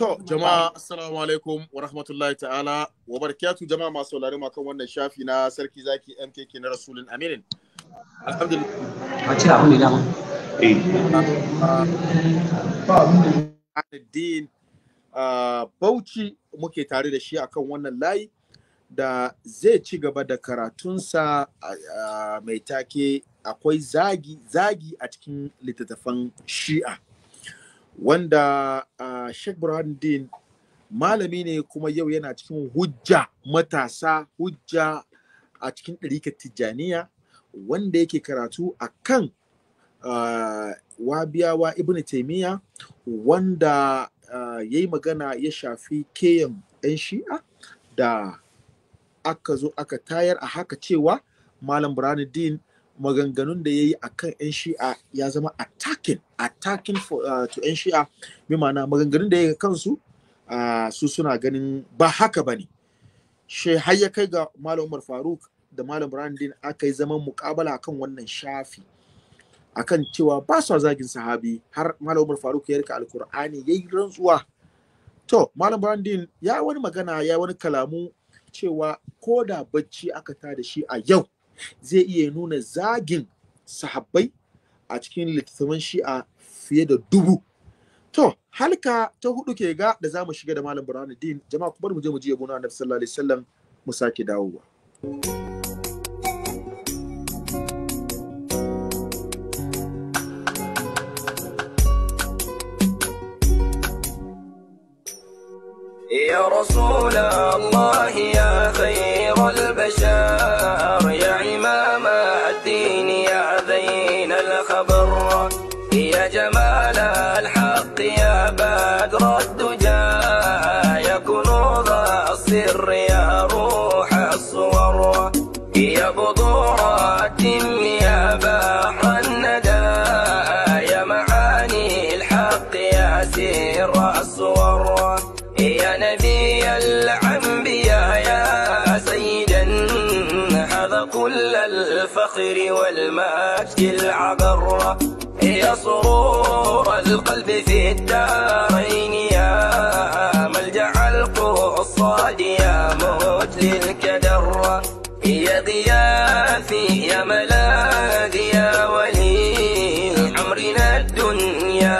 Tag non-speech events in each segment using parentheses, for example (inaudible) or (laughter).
To, jama'a assalamu alaikum wa rahmatullahi ta'ala wa barakatu jama'a masu saurari ma kan wannan shafi na sarki zaki MKK na Rasulun Aminin. Alhamdulillah. a ci abu ne dama. Eh. eh. Ah, Bauchi muke tare da shi akan wannan layi da zai ci gaba da karatunsa ah, ah, mai take akwai zagi zagi a cikin littattafan Shi'a. wanda uh, Sheikh Burhanuddin malami ne kuma yau yana cikin hujja matasa hujja a cikin ɗarikar Tijjaniya wanda yake karatu a kan wabiyawa Ibn Taimiya, wanda uh, ya yi magana ya shafi keyan 'yan shi'a da aka zo aka tayar a haka cewa Malam Burhanuddin maganganun da ya yi a kan 'yan shi'a ya zama attacking attacking for, uh, to 'yan shi'a bi ma'ana maganganun da ya yi kansu uh, su suna ganin ba haka ba ne shi har ya kai ga malam umar faruk da malam brandin aka yi zaman mukabala kan wannan shafi akan cewa ba su zagin sahabi har malam umar faruk ya rika alkur'ani ya yi rantsuwa to malam brandin ya wani magana ya wani kalamu cewa ko da bacci aka ta da shi a yau zai iya nuna zagin sahabbai a cikin littattafan shi'a fiye da dubu to halka ta hudu ke ga da za mu shiga da malam Din, jama'a kuma mu je mu ji yabo na annabi sallallahu alaihi wasallam mu sake dawowa يا رسول الله يا خير البشر الحق يا سير الصور يا نبي العنبياء يا سيدا هذا كل الفخر والمجد العبر يا سرور القلب في الدارين يا ملجأ القصاد يا موت للكدر يا ضيافي يا ملاذي يا ولي أمرنا الدنيا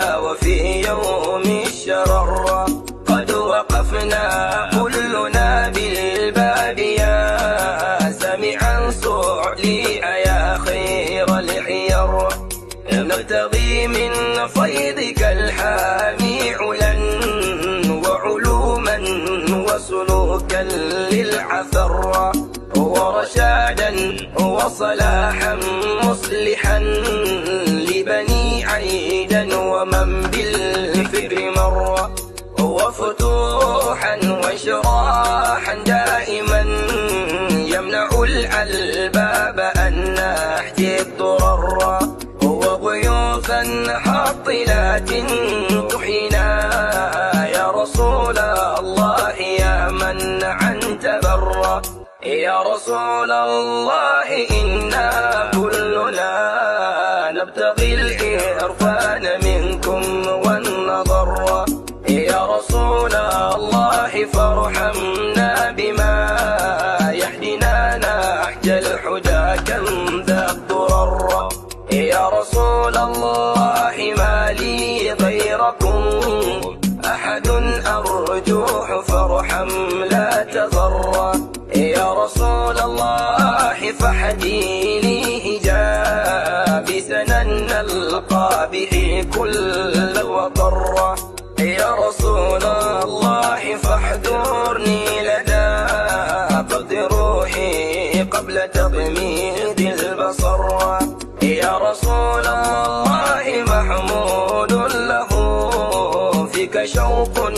وفي يوم الشرر قد وقفنا كلنا بالباب يا سمعا صعلي يا خير العير نبتغي من فيضك الحامي علا وعلوما وسلوكا للعثر ورشادا وصلاحا مصلحا ومن بالفكر مر وفتوحا وشراحا دائما يمنع الألباب أن نحجي الضرر غيوثا حاطلات تحينا يا رسول الله يا من عن تبر يا رسول الله إنا كلنا نبتغي وارحم لا تضر يا رسول الله فحدي لي هجابي بسنن نلقى به كل وضر يا رسول الله فاحذرني لدى فقد روحي قبل تضميد البصر يا رسول الله محمود له فيك شوق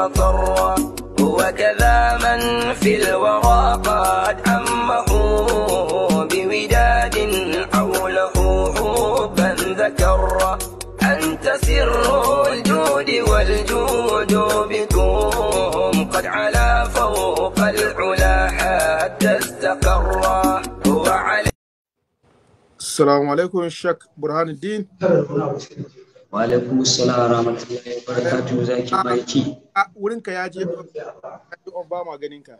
المطر وكذا من في الورى قد عمه بوداد حوله حبا ذكر أنت سر الجود والجود بكم قد على فوق العلا حتى استقر وعلي السلام عليكم الشك برهان الدين wa alaikum assalam rahmatullahi wa barakatuhu zaki a wurin ka ya je ba ma ganin ka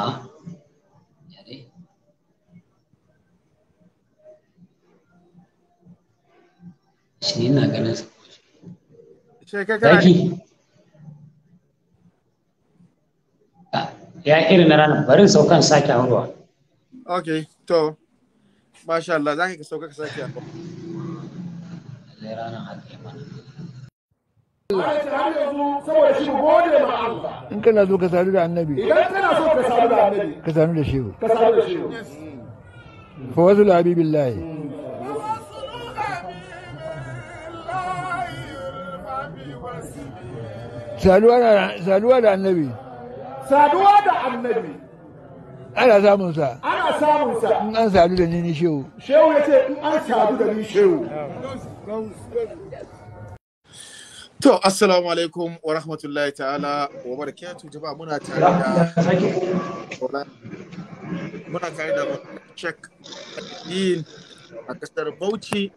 a yare shi ina ganin zaki ya irin na ranar barin saukan sake haurwa ok to masha Allah za ka sauka ka sake haurwa ديرانا على الايمان ان كان لازم كسر على النبي اذا كان لازم كسر على النبي كسر له شيء فوز الحبيب الله سألوا على سألوا على النبي سألوا على النبي أنا ساموسا أنا ساموسا أنا سألوا لني شو شو يا أنا سألوا لني شو To, assalamu alaikum wa rahmatullahi ta'ala wa barakatu jama'a muna tare da muna tare da check din a kasar Bauchi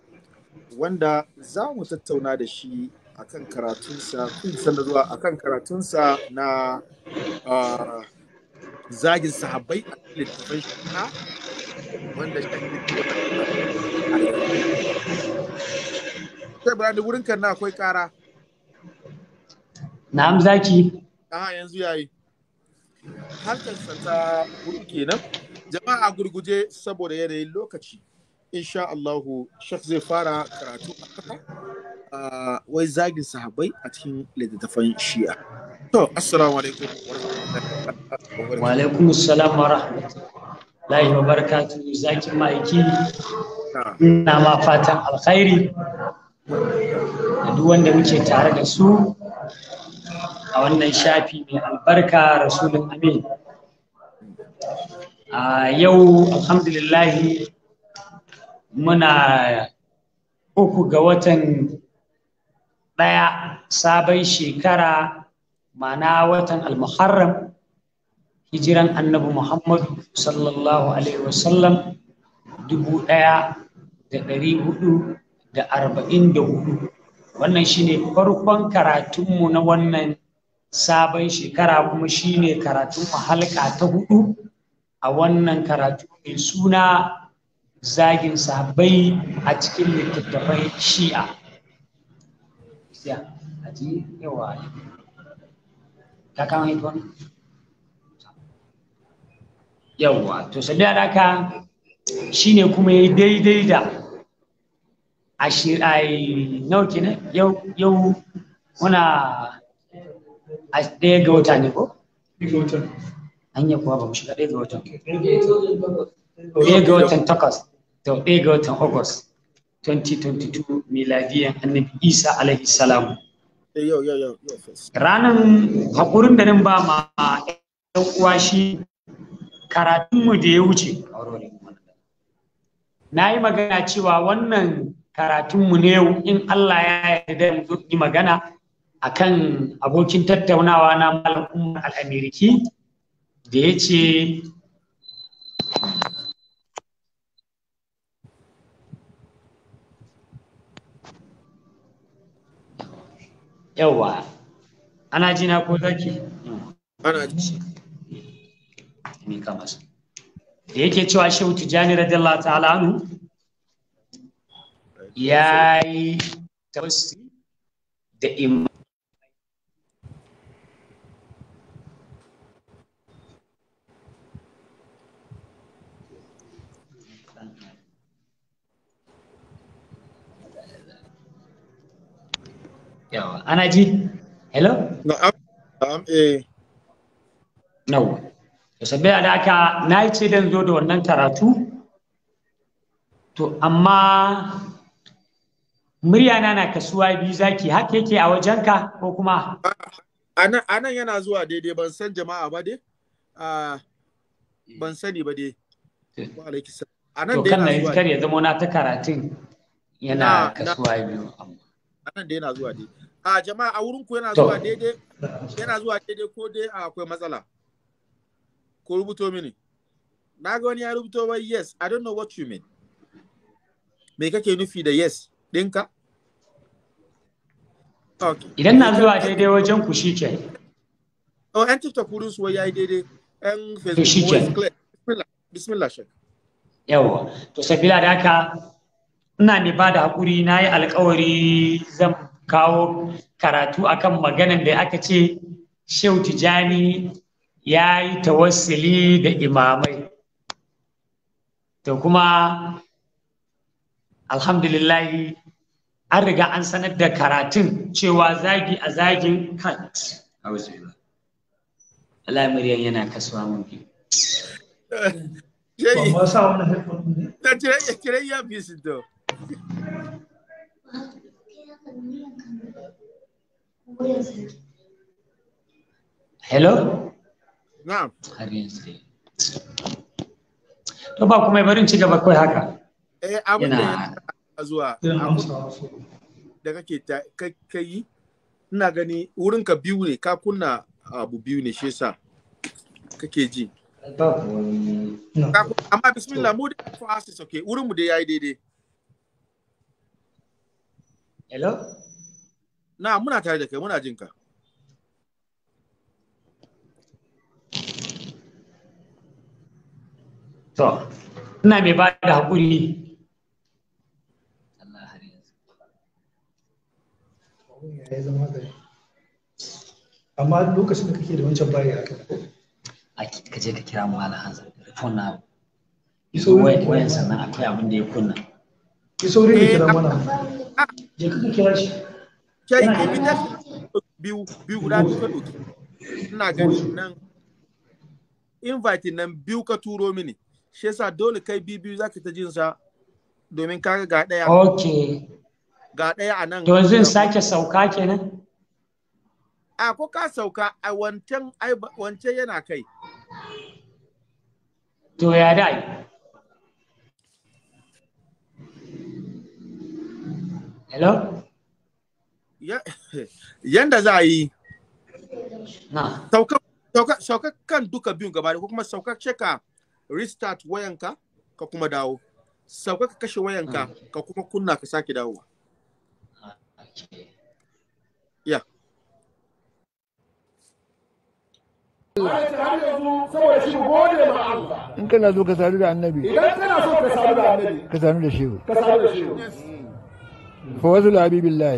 wanda za mu tattauna da shi akan karatunsa kun san zuwa akan karatunsa na zagin sahabbai a littafin shi wanda shi sai bayani wurin kan na akwai kara na'am zaki a yanzu yayi harkar ta hudu kenan jama'a gurguje saboda yanayin lokaci insha Allah shek zai fara karatu a kafa wai zagin sahabbai a cikin littattafan shi'a to assalamu alaikum wa alaikum assalam wa rahmatullahi wa barakatuh zaki ma'aiki ina ma fatan alkhairi da duk wanda muke tare da su a wannan shafi mai albarka rasulun amin a yau alhamdulillah muna uku ga watan ɗaya sabon shekara mana watan almuharram hijiran annabi muhammadu sallallahu alaihi wasallam dubu ɗaya da ɗari hudu da arba'in da hudu wannan shine farkon karatunmu na wannan sabon shekara kuma shine karatun halka ta hudu a wannan karatu mai suna zagin sabai a cikin littattafai shi'a yawa to shine kuma ya daidai da ashir ai nawa kenan yau yau muna a ɗaya ga wata ne ko an yi kuwa ba mu shiga ɗaya ga watan ɗaya ga watan takwas to ɗaya ga watan august 2022 miladiyan annabi isa alaihi salamu eh, ranar haƙurin da nan ba ma ɗan uwa shi karatunmu da ya wuce na yi magana cewa wannan karatunmu ne in Allah ya yarda mu yi magana akan abokin tattaunawa na Malam Umar Al-Amiriki da ya ce yawa ana ji na ko zaki ana ji ne kamar da yake cewa shehu tijani radiyallahu ta'ala anhu ya yi tawassuli da imam yawa ana ji hello na'am na'am eh Ya to sabbiya da aka na yi ce don zo da wannan karatu to amma muryana na kasuwa biyu zaki haka yake a wajenka ko kuma a nan yana zuwa daidai ban san jama'a ba dai ah, ban sani ba dai nan dai yana zuwa kar ya zama na ta karatun yana kasuwa biyu nan dai yana zuwa dai a ah, jama'a a wurin ku yana zuwa daidai yana zuwa daidai ko dai akwai matsala ko rubuto mini na ga wani ya rubuto wai yes i don't know what you mean me kake nufi da yes ɗinka? Idan na zuwa daidai wajen ku shi ke. Oh, ‘yan TikTok wurin su ya yi daidai, ‘yan Facebook Bismillah shek. Yawa, to sabila da haka ina ne ba da haƙuri na yi alkawari zan kawo karatu akan maganan da aka ce Shehu Tijani ya yi tawassuli da imamai. To kuma alhamdulillahi an riga an sanar da karatun cewa zagi a zagin kant. Allah muryan yana kasuwa mun bi Hello? Na'am. To ba kuma barin ci gaba kai haka. Eh abin da zuwa da kake kai ina gani wurin ka biyu ne ka kunna abu biyu ne shi yasa kake ji amma bismillah mu da fasis okay wurin mu da yayi daidai hello na muna tare da kai muna jin ka to ina mai ba da haƙuri ya zama gari amma lokacin da kake da wancan bayi haka a ka je ka kira mu ala hanzar telefon na iso wayan sannan akwai abin da ya kunna iso ne ka kira mana je ka kira shi kai ki bi ta biyu biyu guda biyu ka doki ina ganin nan invite nan biyu ka turo mini shi yasa dole kai biyu biyu zaka ta jin sa domin kaga ga daya okay ga ɗaya a nan. To yanzu sake sauka kenan? A ko ka sauka a wancan Wance yana kai. To ya da Hello? Yanda za a yi. Sauka sauka kan duka biyun gaba da kuma sauka ce ka restart wayanka ka kuma dawo. Sauka ka kashe wayanka mm. ka kuma kunna ka sake dawowa. ان كان ذو كسالو ده النبي اذا كان ذو كسالو ده النبي كسالو ده شيو كسالو شيو فوز الابي بالله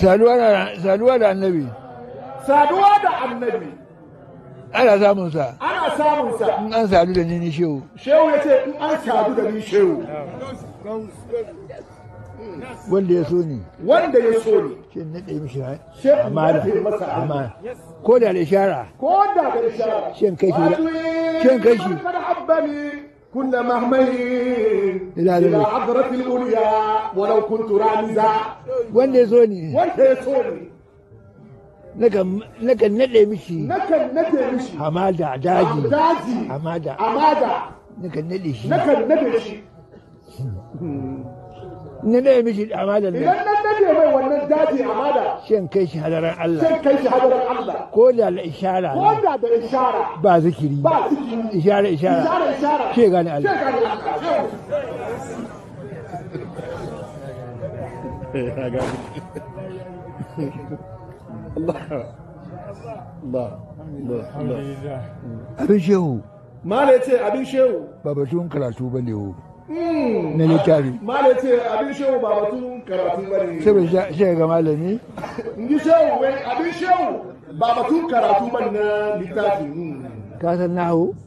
سالو انا سالو ده النبي سالو ده النبي ana samun sa ana samun sa in an sadu da ni ni shehu shehu ya ce in an sadu da ni shehu wanda ya so ni wanda ya so ni shi ne ɗaya mishi amana Amma. ko da da shara. ko da da ishara shin kai shi shin kai shi كنا مهملين إلى إلى حضرة Wanda ya so رامزا Wanda ya so يزوني nakan nade mishi nakan mishi hamada daji daji hamada hamada nakan shi nakan nade shi na mishi hmm. Amada, ne idan nan mai wannan daji hamada shan kai shi hadaran Allah shan kai shi hadaran Allah ko da la ishara ko da da ishara ba zikiri ba zikiri ishara ishara ishara ishara Allah Allah (laughs) (laughs) abin shehu mala ce abin shehu ba batun karatu ba ne hmm. na littafi mala ce abin shehu ba batun karatu ba ne shi ga malami shehu abin shehu ba batun karatu ba na littafi hmm. ka san nahu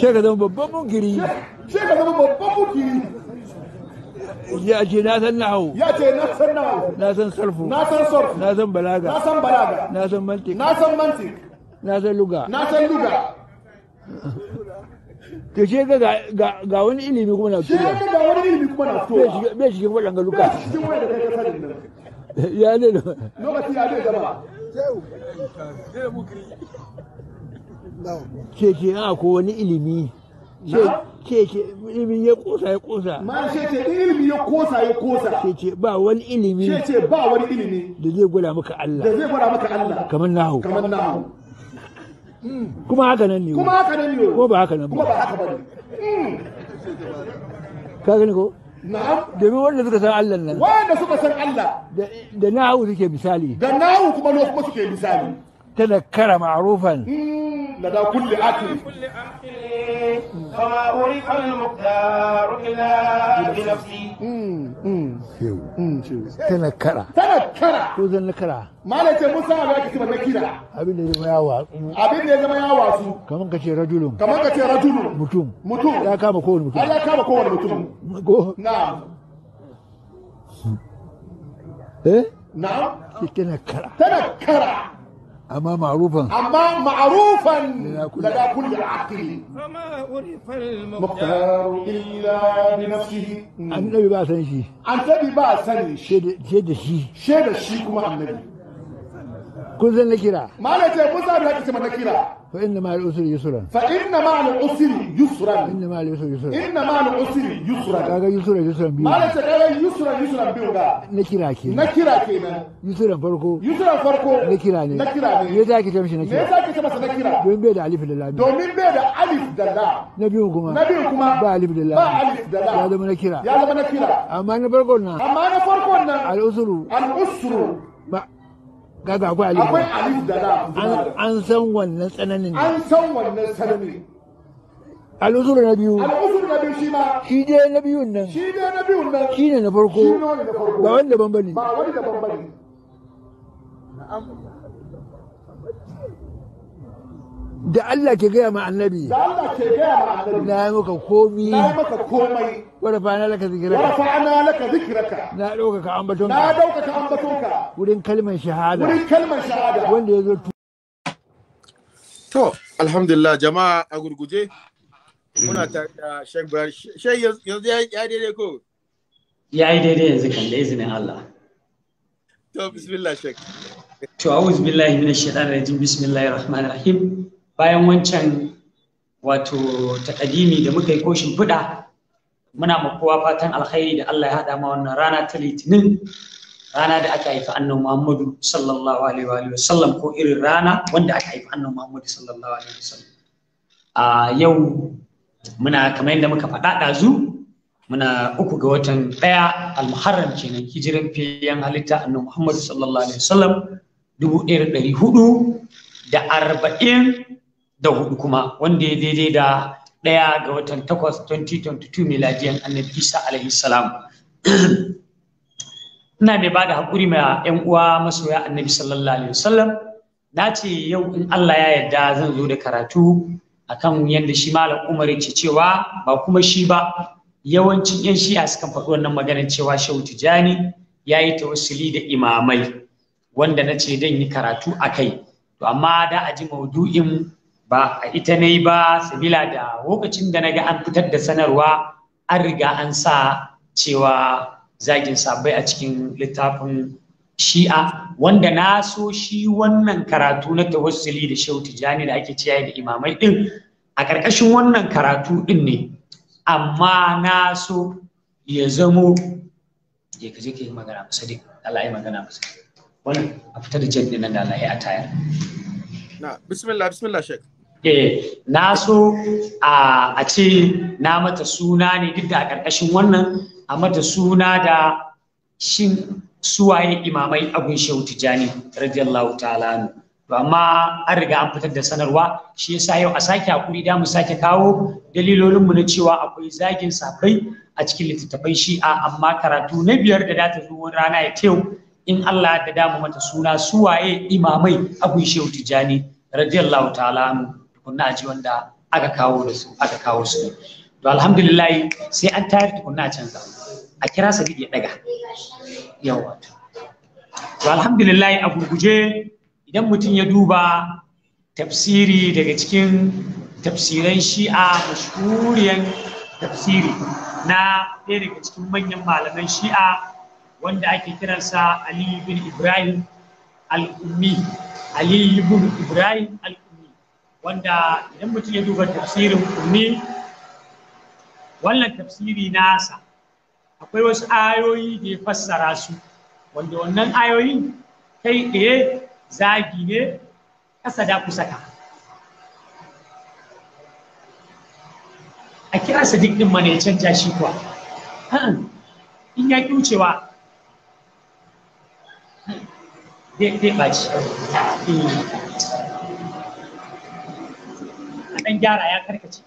sai zama babban munkiri zama babban munkiri ya ce na san nahu ya ce na san nahu na san sarfu na san sarfu na san balaga na san balaga na san mantik na san mantik na san luga na san luga ce ga ga wani ilimi kuma na fito ce ga wani ilimi kuma na bai (laughs) ya ne lokaci ya ne keke a ko wani ilimi keke ilimi ya kosa ya kosa ma ce ce ilimi ya kosa ya kosa keke ba wani ilimi ce ce ba wani ilimi da zai gwada maka Allah da zai gwada maka Allah kamar nahu kamar nahu hmm. kuma haka nan ne kuma haka nan ne ko ba haka nan ba kuma ba haka ba hmm. ka gani ko Na'am. Domin wanda suka san Allah nan. Wanda suka san Allah. Da nahu suke misali. Da nahu kuma kuma suke misali. تذكر معروفا لدى كل اكل فما اريد المقدار الا بنفسي تنكر تنكر تنكر ما لا تمسى ما كتب النكيرة عبيد يا زمان ياوا عبيد يا زمان ياوا سو كم انك شيء رجل كم انك شيء رجل متوم متوم لا كم كون متوم لا كم كون متوم نعم ايه نعم تنكر تنكر أما معروفا أما معروفا لدى كل العاقل فما عرف المختار إلا بنفسه النبي بقى سني شي النبي بقى سني شد شي شي شي شي كما النبي كل ذلك ما لا تقول ذلك ما نكره فإن مع العسر يسرا فإن مع العسر يسرا إن مع العسر يسرا إن مع العسر يسرا كاغا يسرا يسرا بيو ما لسه كاغا يسرا يسرا بيو دا نكرا كينا نكرا كينا يسرا فرقو يسرا فرقو نكرا ني نكرا ني يدا كي تمشي نكرا يدا كي تمشي نكرا دومين بيد ألف لله دومين بيد ألف دلا نبيو كما نبيو كما با ألف لله با ألف دلا يا زمان نكرا يا زمان نكرا أما نفرقونا أما نفرقونا العسر العسر gaga akwai alifu akwai Aliyu da da an san wannan tsananin an san wannan tsananin al'uzuru na biyu al'uzuru na biyu shi ma shi dai na biyu nan shi dai na biyu nan shi ne na farko ba wanda ban bane ba wanda ban bane na'am da Allah ke gaya ma annabi da Allah ke gaya ma annabi na yi maka komi na yi maka komai fa na laka zikraka fa na laka zikraka na dauka ka ambaton ka na dauka ka ambaton ka wurin kalmar shahada wurin kalmar shahada wanda yazo zo to alhamdulillah jama'a a gurguje muna ta da Sheikh Bayar Sheikh yanzu ya daidai ko ya yi daidai yanzu kan da izinin Allah to bismillah Sheikh to a'udhu billahi minash shaitanir rajim bismillahir rahmanir rahim bayan wancan wato takadimi da muka yi ko shimfiɗa muna ma kowa fatan alkhairi da Allah ya haɗa ma wannan rana ta litinin rana da aka haifi annabi Muhammadu sallallahu alaihi wa sallam ko irin rana wanda aka haifi annabi Muhammadu sallallahu alaihi wa sallam a yau muna kamar yadda muka faɗa ɗazu muna uku ga watan ɗaya almuharram kenan hijiran fiyan halitta annabi Muhammadu sallallahu alaihi wa sallam dubu ɗaya da ɗari hudu da arba'in da hudu kuma wanda ya daidai da ɗaya ga watan takwas 2022 miladiyan annabi isa alaihi salam ina mai ba da haƙuri ma 'yan uwa masoya annabi sallallahu alaihi wasallam na ce yau in allah ya yarda zan zo da karatu akan yadda shi malam umar ce cewa ba kuma shi ba yawancin 'yan shi'a sukan faɗi wannan maganar cewa shehu tijani ya yi tawassuli da imamai wanda na ce dan yi karatu a kai to amma da a ji maudu'in ba a ita na yi ba sabila da lokacin da na ga an fitar da sanarwa an riga an sa cewa zagin sabai a cikin littafin shi'a wanda na so shi wannan karatu na tawassuli da shautu jani da ake ciyaye da imamai din a ƙarƙashin wannan karatu din ne amma na so ya zamo je ka je ka yi magana musa dai Allah ya magana musa wannan a fitar da jaddin nan da Allah ya atayar na bismillah bismillah shek eh na so a ce na mata suna ne duk da ƙarƙashin wannan a mata suna da shin suwaye imamai abun shehu tijjani radiyallahu ta'ala to amma an riga an fitar da sanarwa shi yasa yau a sake hakuri da mu sake kawo dalilolinmu na cewa akwai zagin safai a cikin littattafan shi'a amma karatu na biyar da data zo rana ya tew in Allah ya da mu mata suna suwaye imamai abun shehu tijjani radiyallahu ta'ala tukunna a ji wanda aka kawo da su aka kawo su to alhamdulillah sai an tayar tukunna a canza a kira sa ya daga yawa to alhamdulillah a gurguje idan mutum ya duba tafsiri daga cikin tafsiran shi'a mashhuriyan tafsiri na ɗaya daga cikin manyan malaman shi'a wanda ake kiransa Ali bin Ibrahim al-Ummi Ali bin Ibrahim al wanda idan mutum ya duba tafsirin kurmi wannan tafsiri nasa akwai wasu ayoyi da ya fassara su wanda wannan ayoyin kai tsaye zagi ne ƙasa da kusa ka. a kira duk din mana ya canja shi kuwa in ya wucewa zai ɓaci eh. dan gyara ya karkace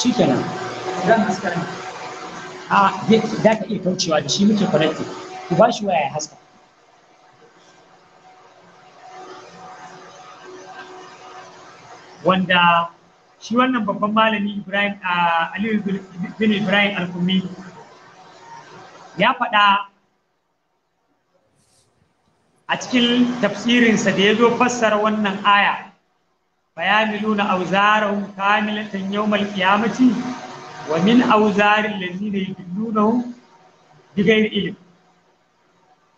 shi kenan zan haskara a da ka iya kaucewa da shi muke connected ku ba shi waya ya haska wanda shi wannan babban malami ibrahim aliyu bin ibrahim al ya faɗa a cikin tafsirinsa da ya zo fassara wannan aya bayaniluna auzarahum kamilatan yawmal qiyamati wa min auzari allazina yudillunahum bighairi ilm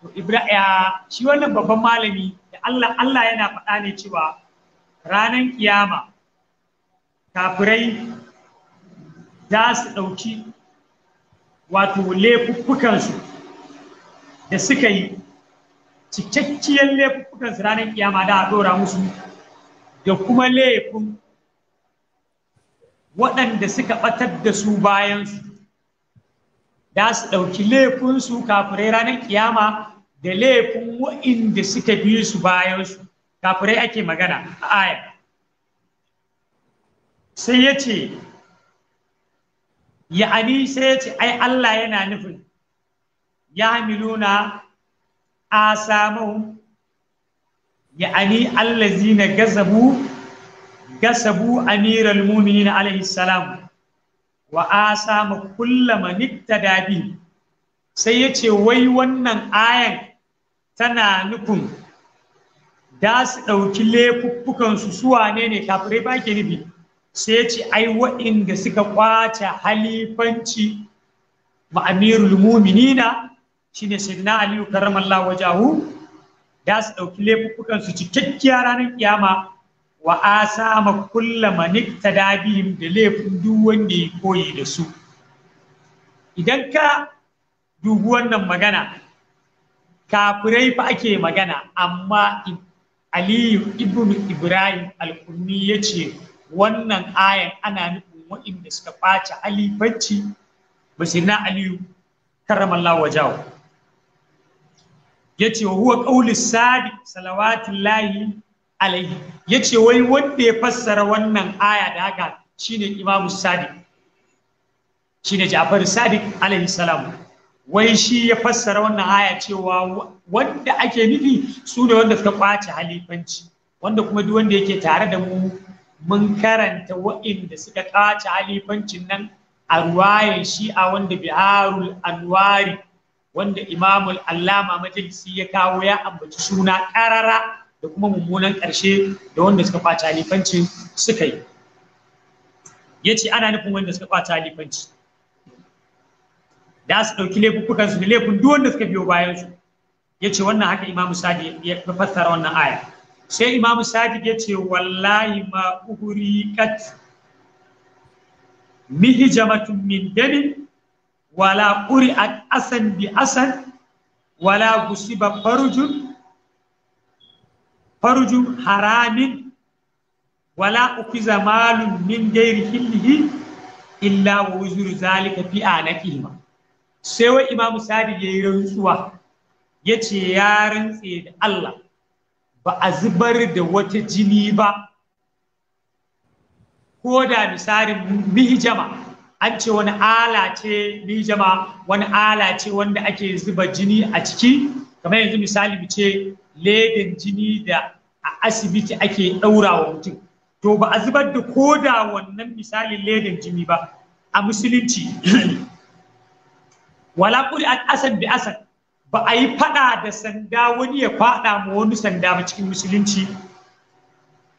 to ibrahim shi wannan babban malami da Allah Allah yana faɗa ne cewa ranar kiyama kafirai za su ɗauki wato laifuffukansu da suka yi cikakkiyar laifukan su ranar kiyama da a dora musu da kuma laifin waɗanda suka ɓatar da su bayan su da su ɗauki laifin su kafirai ranar kiyama da laifin wa'inda suka biyu su bayan su kafirai ake magana a aya sai ya ce ya'ani sai ya ce ai Allah yana nufin ya miluna asamu ya'ani allazi na gasabu amiral mu'minin alaihi salam wa asamu kullama nittada bi sai yace wai wannan ayan tana nufin da su ɗauki laifuffukansu su wane ne kafirai ba ke nufi sai ce ai inda suka kwace halifanci ma amirul muminina shine sayyidina aliyu karramallahu wajahu da su dauki laifukan su cikakkiya ranar kiyama wa asama kulla manikta da da laifin duk wanda ya koyi da su idan ka dubi wannan magana kafirai fa ake magana amma aliyu ibn ibrahim al qurni ya wannan ayan ana nufin waɗanda suka ɓaci halifanci basirna aliyu karramallahu wajahu yace wa huwa qawli sadi salawatullahi alaihi yace wai wanda ya fassara wannan aya da haka shine Imam Sadiq shine Ja'far Sadiq alaihi salam wai shi ya fassara wannan aya cewa wanda ake nufi su ne wanda suka kwace halifanci wanda kuma duk wanda yake tare da mu mun karanta wa'inda suka kwace halifancin nan a ruwayan shi a wanda biharul anwari wanda imamul allama majalisi ya kawo ya ambaci suna karara da kuma mummunan ƙarshe da wanda suka kwace alifanci suka yi ya ce ana nufin wanda suka kwace alifanci da su ɗauki laifukansu da laifin duk wanda suka biyo bayansu ya ce wannan haka imamu sadi ya fassara wannan aya sai imamu sadi ya ce wallahi ma uhuri mihi jamatun min damin wala quri'at asan bi asan wala gusiba farujun farujun haramin wala ukiza malun min gairi hillihi illa wa wuzuru zalika fi anakihima sai wa imamu sadi yayi rantsuwa ya ce ya rantse da Allah ba a zubar da wata jini ba ko da misalin mihijama an ce wani ala ce bijama wani ala ce wanda ake zuba jini a ciki kamar yanzu misali mu ce ledin jini da a asibiti ake ɗaurawa mutum to ba a zubar da koda wannan misalin ledin jini ba a musulunci wala kuri an asan bi asan ba a yi fada da sanda wani ya fada ma wani sanda ba cikin musulunci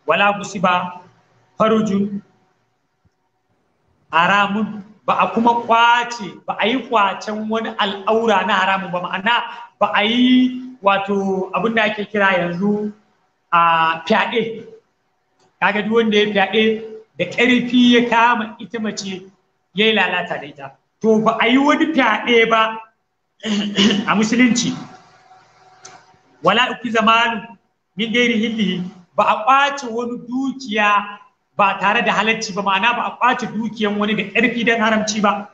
wala musiba farujun haramun ba a kuma kwace ba a yi kwacen wani al'aura na haramun ba ma'ana ba a yi wato abin da ake kira yanzu a fyaɗe kaga duk wanda ya fyaɗe da ƙarfi ya kama ita mace ya yi lalata da ita to ba a yi wani fyaɗe ba a musulunci wala uku zamanu min gairi hillihi ba a kwace wani dukiya ba tare da halacci ba ma'ana ba a kwace dukiyan wani da ƙarfi don haramci ba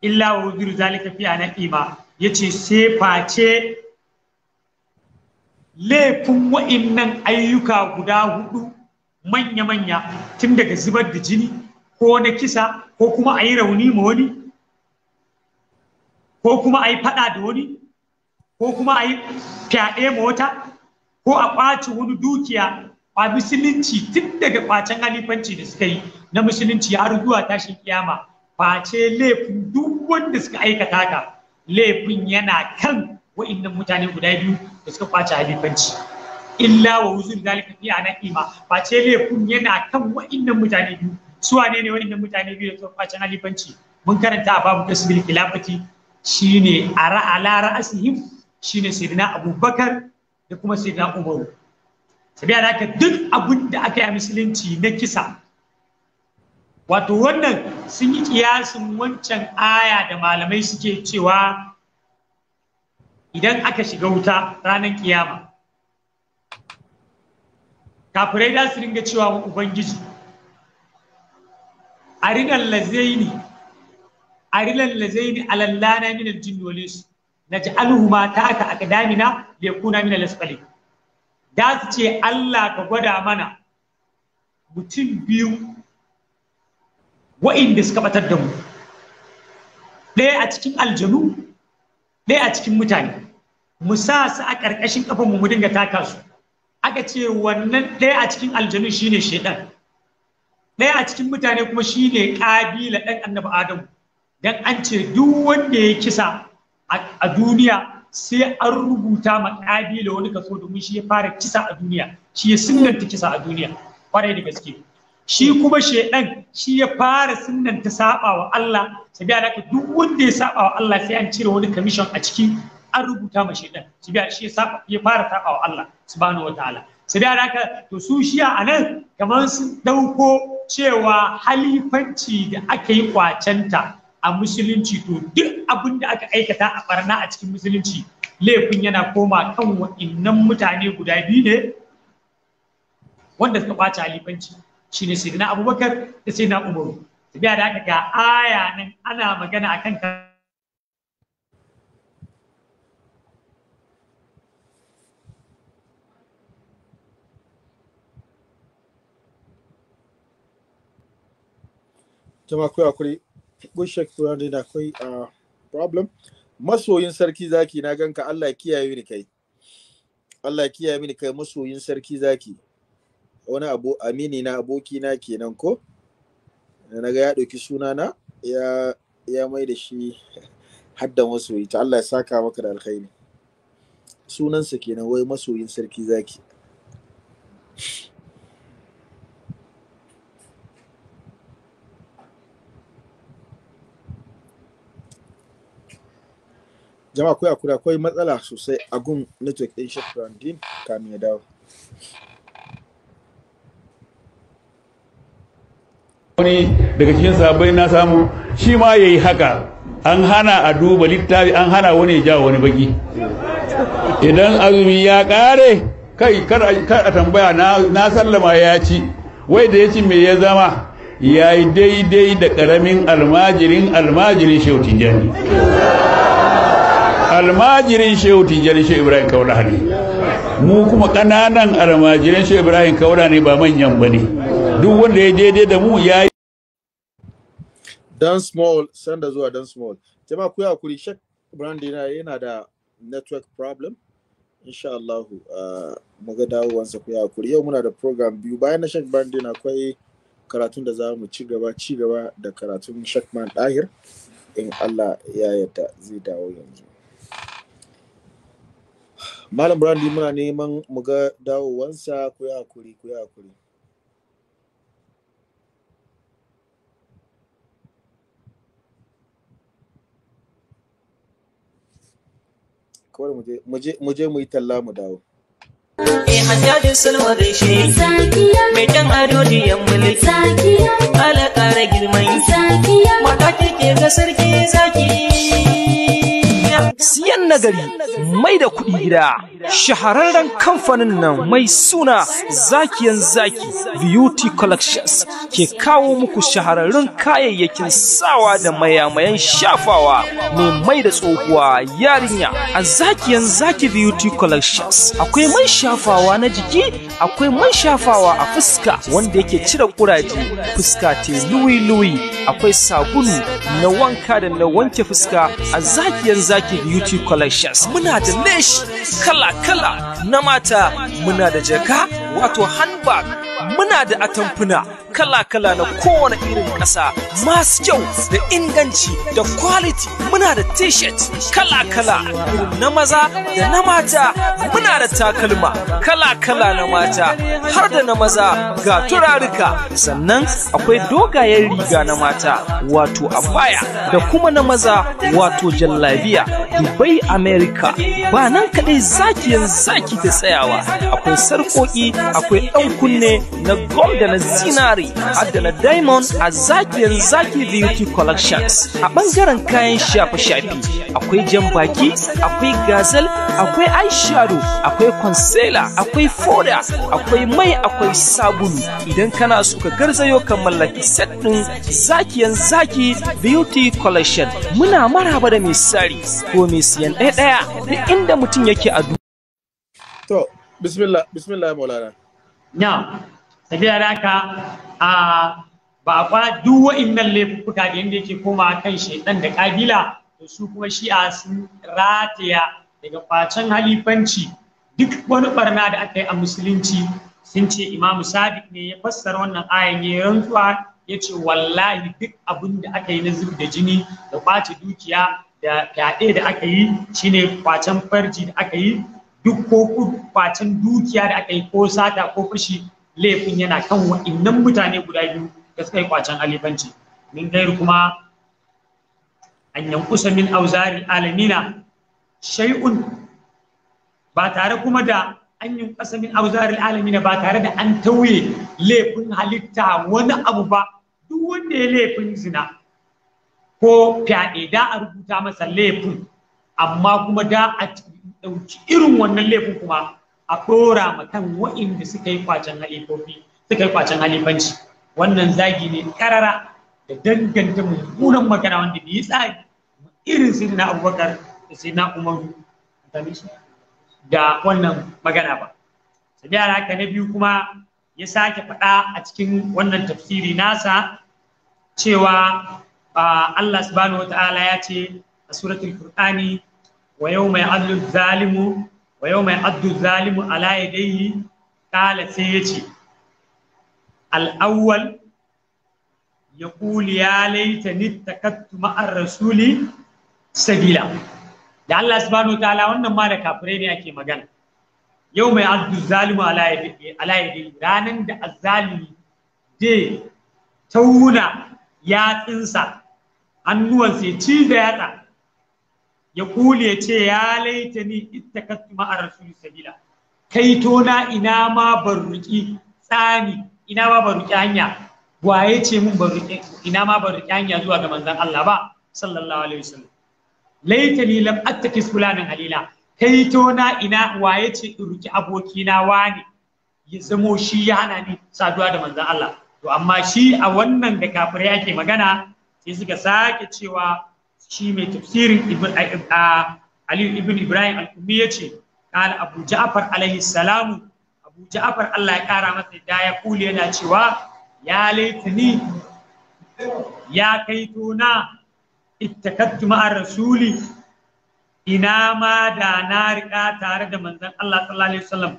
illa wa wujiru zalika fi Ya yace sai face laifin wa'innan ayyuka guda hudu manya-manya tun daga zubar da jini ko na kisa ko kuma a yi rauni ma wani ko kuma a yi fada da wani ko kuma a yi fyaɗe ma wata ko a ƙwace wani dukiya ba musulunci tun daga kwacen alifanci da suka yi na musulunci ya tashin kiyama face laifin duk wanda suka aikata ka laifin yana kan wa'annan mutane guda biyu da suka kwace alifanci. illa wa wuzul zalika fi ima face laifin yana kan wa'annan mutane biyu su wane ne wa'annan mutane biyu da suka kwace alifanci? mun karanta a babu tasbil khilafati shine ara ala ra'asihim shine sayyidina abubakar da kuma sayyidina umaru sabiya da haka duk abin da aka yi musulunci na kisa wato wannan sun yi kiyasin wancan aya da malamai suke cewa idan aka shiga wuta ranar kiyama kafirai da su ringa cewa wa ubangiji arinan lazaini arinan lazaini alallana min aljin wal ins naj'aluhuma ta'ata aqdamina ya min al-asfalin da su ce Allah ka gwada mana mutum biyu wa'inda suka batar da mu ɗaya a cikin aljanu ɗaya a cikin mutane mu sa su a ƙarƙashin ƙafanmu mu dinga taka su aka ce wannan ɗaya a cikin aljanu shine shaidan ɗaya a cikin mutane kuma shine ƙabila ɗan annabi adamu dan an ce duk wanda ya kisa a duniya sai an rubuta ma ƙabila wani kaso domin shi ya fara kisa a duniya shi ya sunanta kisa a duniya kwarai da gaske shi kuma shaidan shi ya fara sunanta saba wa Allah su biya naka duk wanda ya saba wa Allah sai an cire wani commission a ciki an rubuta ma shaidan su biya shi ya fara saba wa Allah subhanahu wataala su biya naka to su shiya a nan kamar sun dauko cewa halifanci da aka yi kwacenta a musulunci to duk abin da aka aikata a barna a cikin musulunci laifin yana koma kan wa'innan mutane guda biyu ne wanda suka ɓaci halifanci shine sayyidina abubakar da sayyidina umaru tafiya da aka ga aya nan ana magana akan jama'a ku bushek turare da akwai ah, problem masoyin sarki zaki na ganka Allah kiyaye mini kai Allah kiyaye mini kai masoyin sarki zaki wani abu amini na aboki na kenan ko na ga ya ɗauki suna na ya ya mai da shi (laughs) haddan masoyi ta Allah ya saka maka da alkhairi sunansa kenan wai masoyin sarki zaki jama'a akwai akwai matsala sosai a gun network din kamin ya dawo wani daga cikin sabai na samu shi ma yayi haka an hana a duba littafi an hana wani ya jawo wani baki idan azumi ya kare kai kar a tambaya na sallama ya ci wai da ya ci me ya zama ya yi daidai da karamin almajirin almajirin shautin jani almajirin shehu tijjani shehu ibrahim kaula ne mu kuma ƙananan almajirin shehu ibrahim kaula ne ba manyan ba ne duk wanda ya daidai da mu ya yi dan small sanda zuwa dan small jama'a ku kuri shek brandi yana da network problem insha Allah uh, mu ga dawowansa ku kuri. yau muna da program biyu bayan na shek brandi akwai karatun da za mu ci gaba ci gaba da karatun shekman dahir in Allah ya yarda zai dawo yanzu Malam Brandy muna neman mu ga dawowansa ku yi hakuri ku yi hakuri. Kawai mu je mu yi talla mu dawo. E hajjajin sulma da shi, mai ɗan ado da yan mulki, ala ƙara girman, mata ke ga sarki zaki. siyan nagari mai da kuɗi gida shahararren kamfanin nan mai suna zakiyan zaki beauty collections ke kawo muku shahararrun kayayyakin sawa da mayamayan shafawa mai mai da tsohuwa yarinya a zakiyan zaki beauty collections akwai man shafawa na jiki akwai man shafawa a fuska wanda yake cire kuraje fuska te luwi-luwi akwai sabulu na wanka da na wanke fuska a zakiyan zaki beauty collections muna da lesh kala-kala na mata muna da jaka wato handbag muna da atamfuna kala-kala na kowane irin ƙasa masu kyau da inganci da kwaliti muna da t-shirt kala-kala na maza da na mata muna da takalma kala-kala na mata har da na maza ga turarika sannan akwai dogayen riga na mata wato abaya da kuma na maza wato jallabiya dubai america ba nan kaɗai zaki yanzu zaki ta tsayawa akwai sarƙoƙi akwai ɗan kunne na gwamna da na zinari February Adana Diamond a zakiyar zaki beauty collections a ɓangaren kayan shafe-shafe akwai jan baki, akwai gazel, akwai eyeshadow, akwai concealer, akwai foda, akwai mai, akwai sabulu. Idan kana so ka garzayo ka mallaki set ɗin zakiyan zaki beauty collection muna maraba da misali ko mai siyan ɗaya-ɗaya duk inda mutum yake a duniya. To, bismillah, bismillah maulana. Na, tafiya da haka a ba kwa duk wa'annan laifuka da yadda yake koma kan shaidan da kabila da su kuma shi'a sun rataya daga kwacen halifanci duk wani barna da aka yi a musulunci sun ce Imamu sadiq ne ya fassara wannan ayan ya rantsuwa ya ce wallahi duk abin da aka yi na zub da jini da kwace dukiya da fyaɗe da aka yi shine kwacen farji da aka yi duk ko kwacen dukiya da aka yi ko sata ko fashi laifin yana kan wa'innan mutane guda biyu da suka yi kwacen alifanci min gairu kuma an yankusa min auzari alamina shay'un ba tare kuma da an yi kasamin auzaril alamina ba tare da an tauye laifin halitta wani abu ba duk wanda ya laifin zina ko fyaɗe da a rubuta masa laifin amma kuma da a ɗauki irin wannan laifin kuma a ɗora ma kan wa'inda suka yi kwacen halifofi suka yi kwacen halifanci wannan zagi ne karara da danganta mummunan magana wanda bai yi tsari irin sai na abubakar da sai na umaru da wannan magana ba sabiya haka na biyu kuma ya sake faɗa a cikin wannan tafsiri nasa cewa Allah subhanahu wa ta'ala ya ce a suratul kurani wa yau mai ya'dhu zalimu wa yau mai abdu zalimu ala ya dai kala sai ya ce al'awwal ya kuli ya laita ni takattu ma'ar rasuli sabila da Allah subhanahu ta'ala wannan ma da kafirai ne ake magana yau mai abdu zalimu ala ya dai ranan da azzalimi dai tauna yatsinsa hannuwansa ya ci da yatsa ya kule ce ya laita ni ittakattu ma'a rasuli sabila to na ina ma ban tsani ina ma ban hanya waye ce mun baruki ina ma ban hanya zuwa ga manzon Allah ba sallallahu alaihi wasallam laita ni lam attakis fulanan halila to na ina waye ce in ruki aboki na wani ya zamo shi ya hana ni saduwa da manzon Allah to amma shi a wannan da kafir yake magana sai suka sake cewa shi mai tafsirin Aliyu ibn Ibrahim al-Ummi ce, qala Abu Ja'afar alaihi salam Abu Ja'afar Allah ya kara masa da ya kuli yana cewa ya laitani ya kaito na ittakattu ma'ar rasuli ina ma da na riƙa tare da manzan Allah sallallahu alaihi wasallam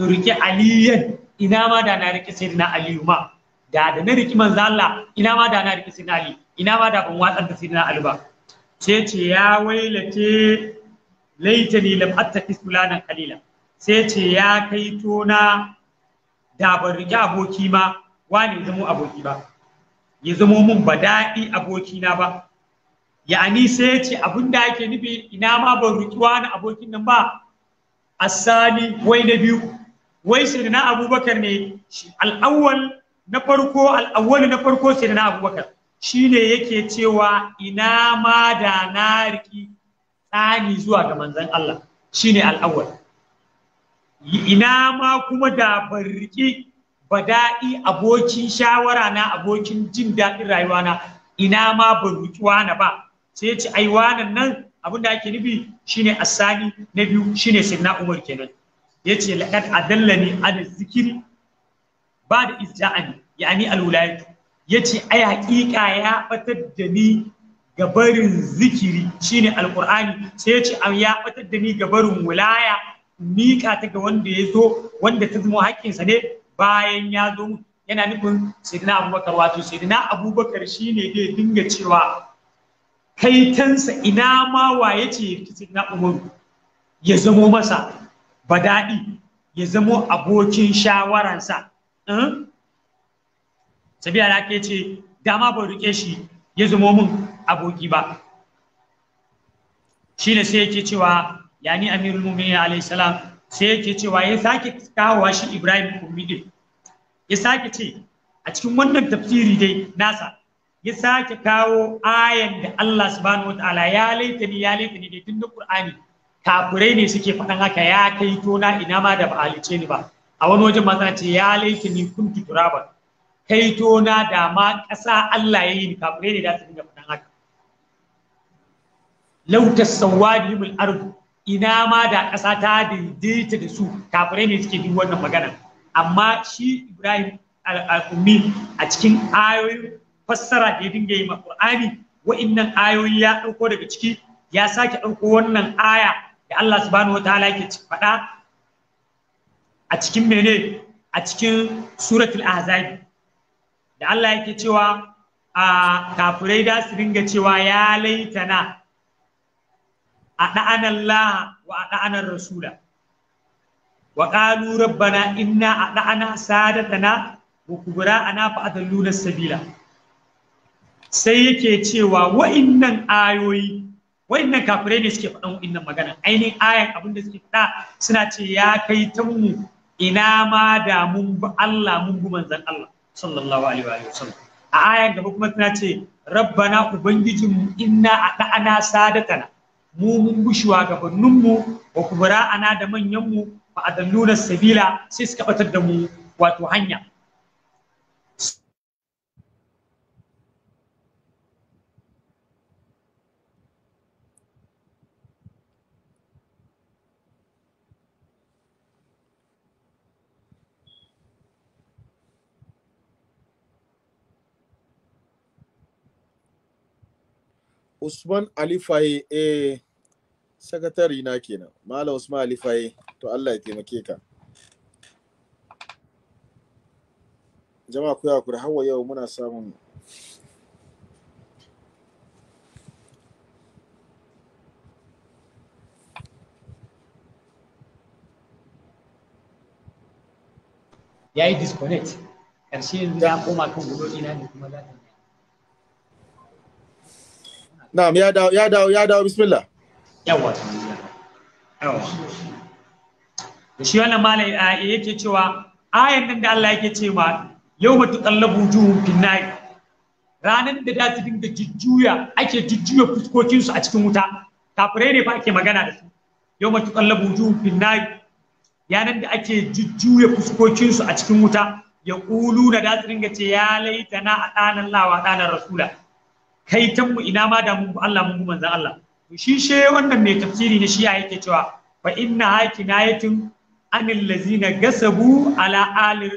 in rike aliyan ina ma da na rike na aliyu ma da da na riki manzon Allah ina ma da na rike sayyidina ali ina ma da ban watsar da sayyidina ali ba sai ce ya wailake laitani lam attaki fulanan kalila sai ce ya kai tona da ban riƙe aboki ma wani zamo aboki ba ya zamo mun ba daɗi abokina ba ya'ani sai ya ce abin da ake nufi ina ma ban riƙe wani abokin nan ba asali wai na biyu wai sai na abubakar ne al'awwal na farko al'awwal na farko sai na abubakar shine yake cewa ina ma da na riki tsani zuwa ga manzon Allah shine al'awwal ina ma kuma da ban riki bada'i abokin shawara na abokin jin daɗin rayuwa na ina ma ban riki wani ba sai ya ce ai nan abin da ake nufi shine asani na biyu shine sirna umar kenan ya ce laqad adallani ala zikiri ba da izja'ani yani alwilayatu yace ai haƙiƙa ya batar da ni ga barin zikiri shine alqur'ani sai yace am ya batar da ni ga barin wilaya mika ta ga wanda ya zo wanda ta zama haƙƙinsa ne bayan ya zo yana nufin sayyidina abubakar wato sayyidina abubakar shine dai dinga cewa kaitansa ina ma waye ce sayyidina umaru ya zamo masa daɗi. ya zamo abokin shawaransa uhm? sabiya na ke ce dama ban rike shi ya zumo min aboki ba Shi ne sai yake cewa ni amirul mu'minin alayhi salam sai yake cewa ya sake kawowa shi ibrahim kumide ya sake ce a cikin wannan tafsiri dai nasa ya sake kawo ayan da Allah subhanahu wataala ya laita ni ya laita ni dai tun da qur'ani kafirai ne suke faɗan haka ya kai tona ina ma da ba halice ni ba a wani wajen ma ce ya laita ni kuntu turaban kaito na da ma ƙasa Allah ya yi ni kafirai ne da su dinga faɗan haka sawadi sawadihimul ardu ina ma da ƙasa ta daidaita da su kafirai ne suke duk wannan magana amma shi Ibrahim al-Ummi a cikin ayoyin fassara da ya dinga yi ma Qur'ani wa'innan ayoyi ya ɗauko daga ciki ya sake ɗauko wannan aya da Allah subhanahu wataala yake faɗa a cikin mene a cikin suratul ahzabi da Allah yake cewa a kafirai da su dinga cewa ya laitana a da'anan laha wa a da'anan rasula wa qalu rabbana inna a da'ana sadatana wa kubra ana adalluna sabila sai yake cewa wa'innan ayoyi wa'innan kafirai ne suke faɗan wa'innan magana ainihin ayan abin da suke faɗa suna ce ya kai ta mu ina ma da mun Allah mun bi manzon Allah sallallahu alaihi wa sallam a ayan gaba kuma tana ce rabbana ubangijinmu inna a ɗa'ana sadatana mu mun bi shugabanninmu wa ana da manyanmu fa adalluna sabila sai suka batar da mu wato hanya Usman Alifaye eh sakatari na kenan. Malam Usman Alifaye to Allah ya taimake ka. Jama'a ku hakuri hawa yau muna samun ya yi disconnect ƙarshe yanzu ya koma kan gudu ina ne kuma zata na'am ya dawo ya dawo ya dawo bismillah yawa yawa shi wannan malai yake cewa ayan nan da Allah yake ce ma yau mata tsallabu juhun finnai ranar da za su dinga jujjuya ake jujjuya fuskokinsu a cikin wuta kafirai ne fa ake magana da su yau mata tsallabu juhun finnai yanar da ake jujjuya fuskokinsu a cikin wuta ya ƙulu da za su dinga ce ya laita na a ɗanan lawa ɗanan rasula kai tan mu ina ma da mun Allah mun manzan Allah shi she wannan mai tafsiri na shiya yake cewa fa inna hakinayatun anil ladzina gasabu ala ali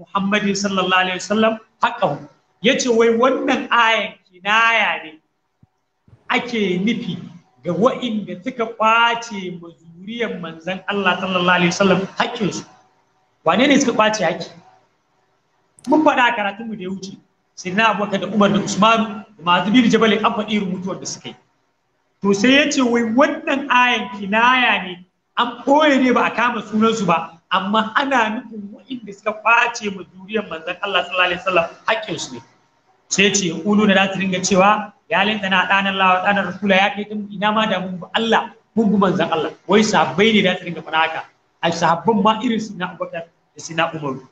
muhammadi sallallahu alaihi wasallam haqqahu yace wai wannan ayan kinaya ne ake nufi ga wa'inda suka kwace mazuriyar manzan Allah sallallahu alaihi wasallam haƙƙin su wane ne suka kwace haƙƙi? mun faɗa karatun mu da ya wuce sai na abubakar da umar da usman ma'azu bin jabalin an faɗi irin mutuwar da suka yi to sai ya ce wai wannan ayan kinaya ne an ɓoye ne ba a kama sunansu ba amma ana nufin wa'inda suka kwace ma zuriyar manzan Allah sallallahu alaihi wasallam su ne sai ce ulu da za ringa cewa ya linta na ɗanan lawa ɗanan rasula ya kai ina ma da mun Allah mun bi manzan Allah wai sahabbai ne za su ringa faɗa haka a sahabban ma irin su na Abubakar da su na Umaru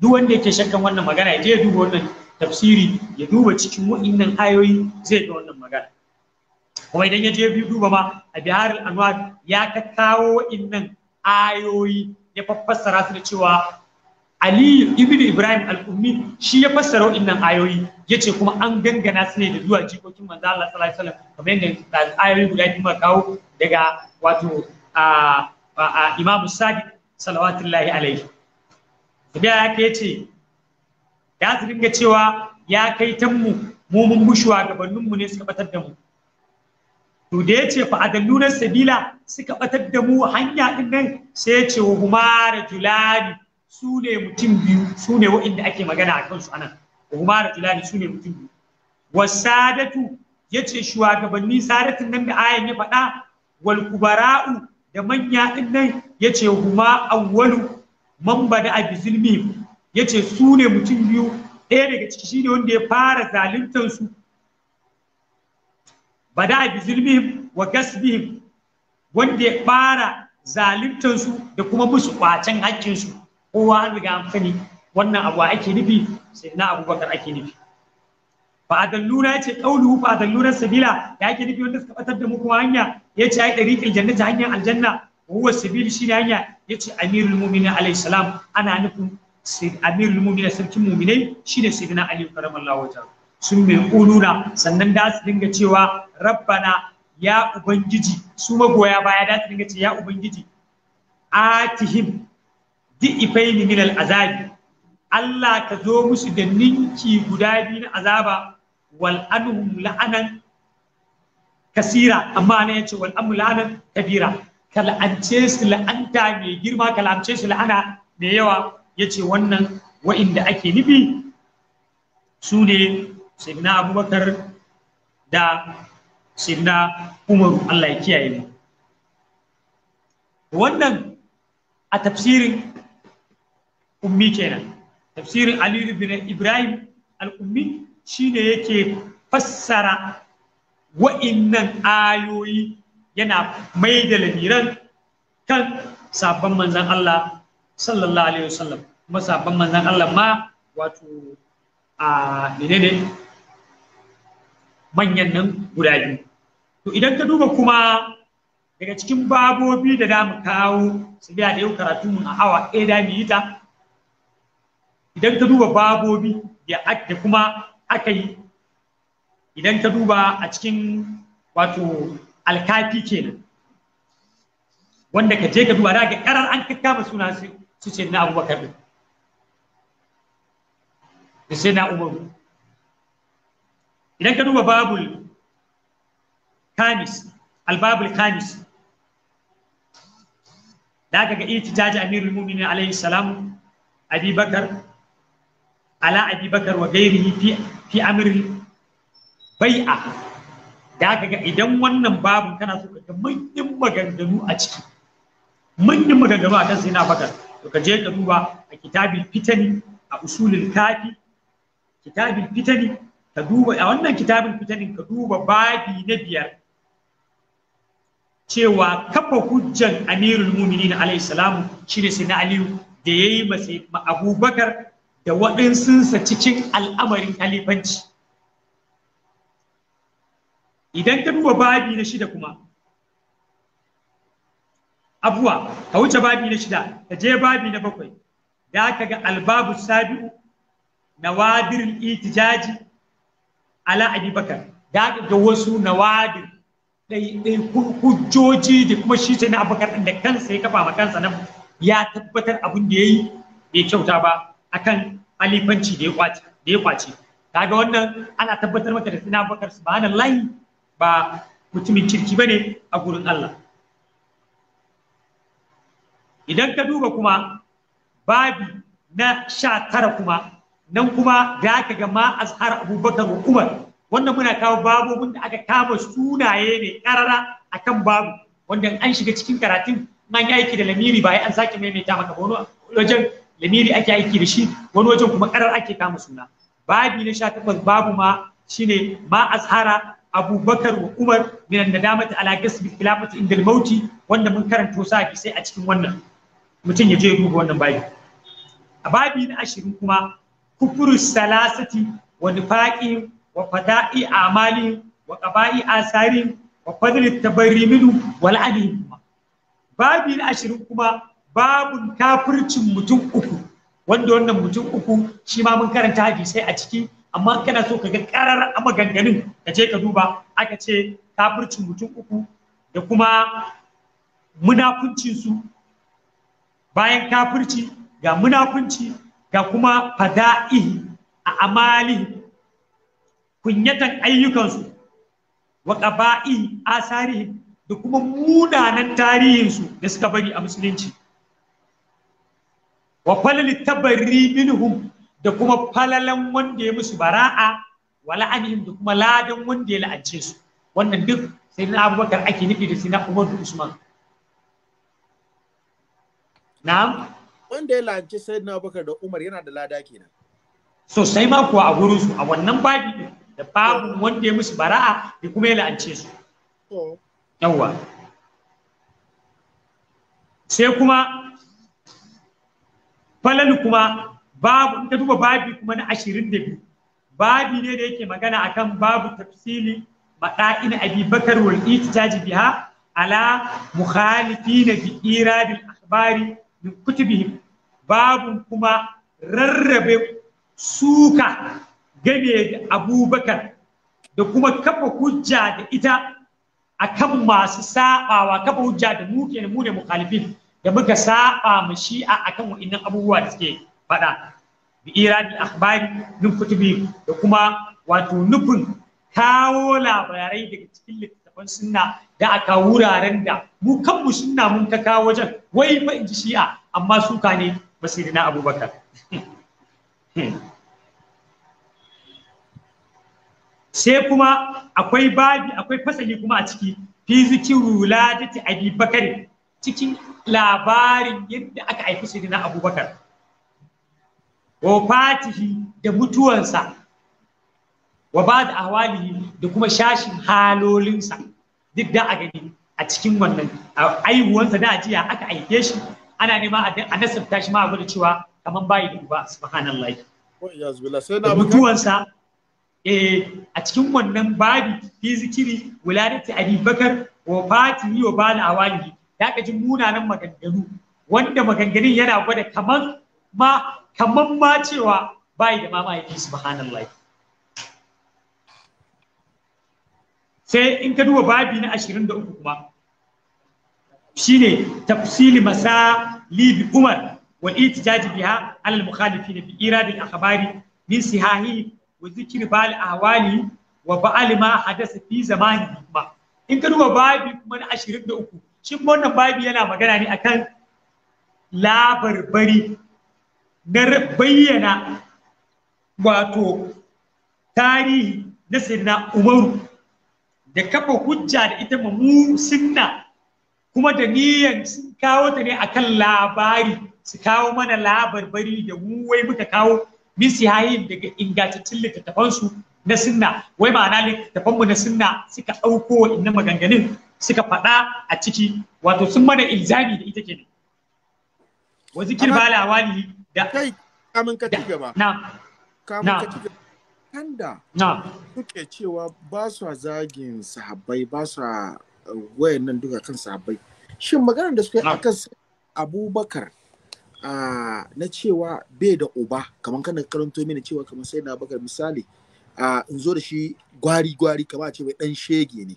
duk wanda yake shakkan wannan magana ya je ya duba wannan tafsiri ya duba cikin wa'innan ayoyi zai ga wannan magana kuma idan ya je ya duba ma a bihar anwar ya ka kawo wa'innan ayoyi ya fassara su da cewa Ali ibn Ibrahim al-Ummi shi ya fassara wa'innan ayoyi ce kuma an gangana su ne da zuwa jikokin manzo Allah sallallahu alaihi wasallam kamar yadda ayoyi guda biyu muka kawo daga wato a imamu Sadiq salawatullahi alaihi tafiya ya ce ya su dinga cewa ya kai tan mu mun bi shugabanninmu ne suka batar da mu to da ya ce fa adallunan sabila suka batar da mu hanya din nan sai ya ce wa da julani su ne mutum biyu su ne wa'inda ake magana a kansu anan julani su ne mutum biyu wasadatu ya ce shugabanni sadatin nan da ayan ya faɗa wal kubara'u da manya din nan ya ce huma awwalu mamba da a bizilmi yace su ne mutum biyu ɗaya daga ciki shine wanda ya fara zaluntar su bada a wa gasbihim wanda ya fara zaluntar su da kuma musu kwacen hakkin su kowa an riga an wannan abu ake nufi sai na abubakar ake nufi fa'adalluna ya ce ɗauluhu fa'adalluna sabila ya ake nufi wanda suka batar da mu kuma hanya ya ce ai ɗariƙin jannata hanyar aljanna huwa sabili shi ne hanya Ya ce amirul mu'minin alaihi salam ana nufin amirul mu'minin sarkin mu'minai shine sayyidina ali karamallahu wajhahu sun mai uluna sannan da su dinga cewa rabbana ya ubangiji su magoya baya da su dinga cewa ya ubangiji atihim di'ifaini min al'azabi Allah ka zo musu da ninki guda biyu na azaba wal anhum la'anan kasira amma ne yace wal amlanan kabira ka la'ance su la'anta mai girma ka la'ance su la'ana mai yawa yace wannan wa'inda ake nufi su ne sayyidina abubakar da sayyidina umaru Allah ya kiyaye mu wannan a tafsirin ummi kenan tafsirin ali ibn ibrahim al-ummi shine yake fassara wa'innan ayoyi yana mai da lamiran kan sabon manzan Allah sallallahu alaihi wasallam kuma sabon manzan Allah ma wato a menene manyan nan guda biyu to idan ka duba kuma daga cikin babobi da za mu kawo su biya da yau karatu mun a hawa ɗaya da mu yi ta idan ka duba babobi da kuma aka yi idan ka duba a cikin wato alkafi kenan wanda ka je ka duba da ga karar an kakkama suna su ce na abubakar din da sai na umaru idan ka duba babul kamis albabul kamis da ga itijaji amirul mu'minin alaihi salam abi ala abi bakar wa gairihi fi amri bai'a da ka ga idan wannan babin kana so ka manyan maganganu a ciki manyan maganganu a kan sai na bakar to ka je ka duba a kitabin fitani a usulul kafi kitabin fitani ka duba a wannan kitabin fitanin ka duba babi na biyar cewa kafa hujjan amirul muminin alayhi salamu shine sai na aliyu da yayi masa abubakar da waɗansunsa cikin al'amarin halifanci idan ka duba babi na shida kuma abuwa ka wuce babi na shida ka je babi na bakwai da ka ga albabu sabi'u nawadir itijaji ala bakar, da ka ga wasu nawadir ɗaiɗai hujjoji da kuma shi sai na abubakar da kansa ya kafa ma kansa nan ya tabbatar abin da ya yi bai kyauta ba akan alifanci da ya kwace da ya kwace kaga wannan ana tabbatar maka da sina bakar subhanallahi ba mutumin kirki ba ne a gurin Allah. Idan ka duba kuma babi na sha tara kuma nan kuma da aka ga ma azhar abubakar umar wannan muna kawo babobin da aka kama sunaye ne karara akan babu wanda an shiga cikin karatun an yi aiki da lamiri ba an sake maimaita maka wajen lamiri ake aiki da shi wani wajen kuma karar ake kama suna babi na sha takwas babu ma shine ma azhara Abu Bakar wa Umar min nadamati ala gasbi khilafati inda mauti wanda mun karanto sa sai a cikin wannan mutum ya je duba wannan babi a babi na ashirin kuma kufuru salasati wa nifaqi wa fada'i amali wa qaba'i asari wa fadli tabarri minhu wal babi na ashirin kuma babun kafircin mutum uku wanda wannan mutum uku shi ma mun karanta hadisai a ciki amma kana so ka ga karar a maganganun ka je ka duba aka ce kafircin mutum uku da kuma munafuncinsu bayan kafirci ga munafunci ga kuma fada'i a amali kunyatan ayyukansu wa ƙaba'i asarihi da kuma munanan tarihinsu da suka bari a musulunci wa falil tabarri minhum da kuma falalan wanda ya musu bara'a wala anihim da kuma ladan wanda ya la'ance su wannan duk sai na abubakar ake nufi da sina umar da usman na'am wanda ya la'ance sai na abubakar da umar yana da lada kenan sosai ma kuwa a gurin su a wannan babi da babu wanda ya musu bara'a da kuma ya la'ance su yawwa sai kuma falal kuma babu in ka duba babi kuma na ashirin da biyu babi ne da yake magana akan babu tafsili maqa'in abi bakar wal ijtihad biha ala mukhalifina bi irad al akhbari min kutubihim babu kuma rarrabe suka game da abubakar da kuma kafa hujja da ita akan masu sabawa kafa hujja da mu kenan mu da mukhalifin da muka saba mu shi'a akan wa'annan abubuwa da suke faɗa bi iradi akhbari min kutubi da kuma wato nufin kawo labarai daga cikin littattafan sunna da aka wuraren da mu kanmu sunna mun ta kawo wajen wai fa shi'a amma suka ne masirina abubakar (laughs) sai kuma akwai babi akwai fasali kuma a ciki fizikiru ladati abi bakari cikin labarin yadda aka haifi sirina abubakar wa fatihi da mutuwansa wa ba da ahwalihi da kuma shashin halolinsa duk da a a cikin wannan aiwuwansa da ajiya aka aike shi ana nema a nasarta shi ma gwada cewa kamar bayi da da mutuwansa eh, a cikin wannan babi fi zikiri wuladati abubakar wa fatihi wa ba da da aka ji munanan maganganu wanda maganganun yana gwada kamar ma kamar ma cewa bai da ma mahaifi subhanallah sai in ka duba babi na 23 kuma shine tafsili masa libi umar wal itijaji biha alal mukhalifin bi irad al akhbari min sihahi wa zikr bal ahwali wa ba'al ma hadasa fi zamani kuma in ka duba babi kuma na 23 shin wannan babi yana magana ne akan labarbari na bayyana wato tarihi na sirna umaru da kafa hujja da ita mu sunna kuma da niyyar sun kawo ta ne akan labari su kawo mana labarbari da mu wai muka kawo misihayin daga ingantattun littattafansu na sunna wai ma'ana littattafanmu na sunna suka ɗauko inna maganganun suka faɗa a ciki wato sun mana ilzami da ita kenan wasu kirbala wani kai kamin ka ci gaba kamin ka ci gaba kanda suke cewa ba su zagin sahabbai ba su uh, wayan nan duka kan sahabbai shin maganar da suka yi akan abubakar uh, na cewa bai da uba kamar kan kana karanto mini cewa kamar sai na bakar misali uh, in zo da shi gwari-gwari kamar a ce dan shege ne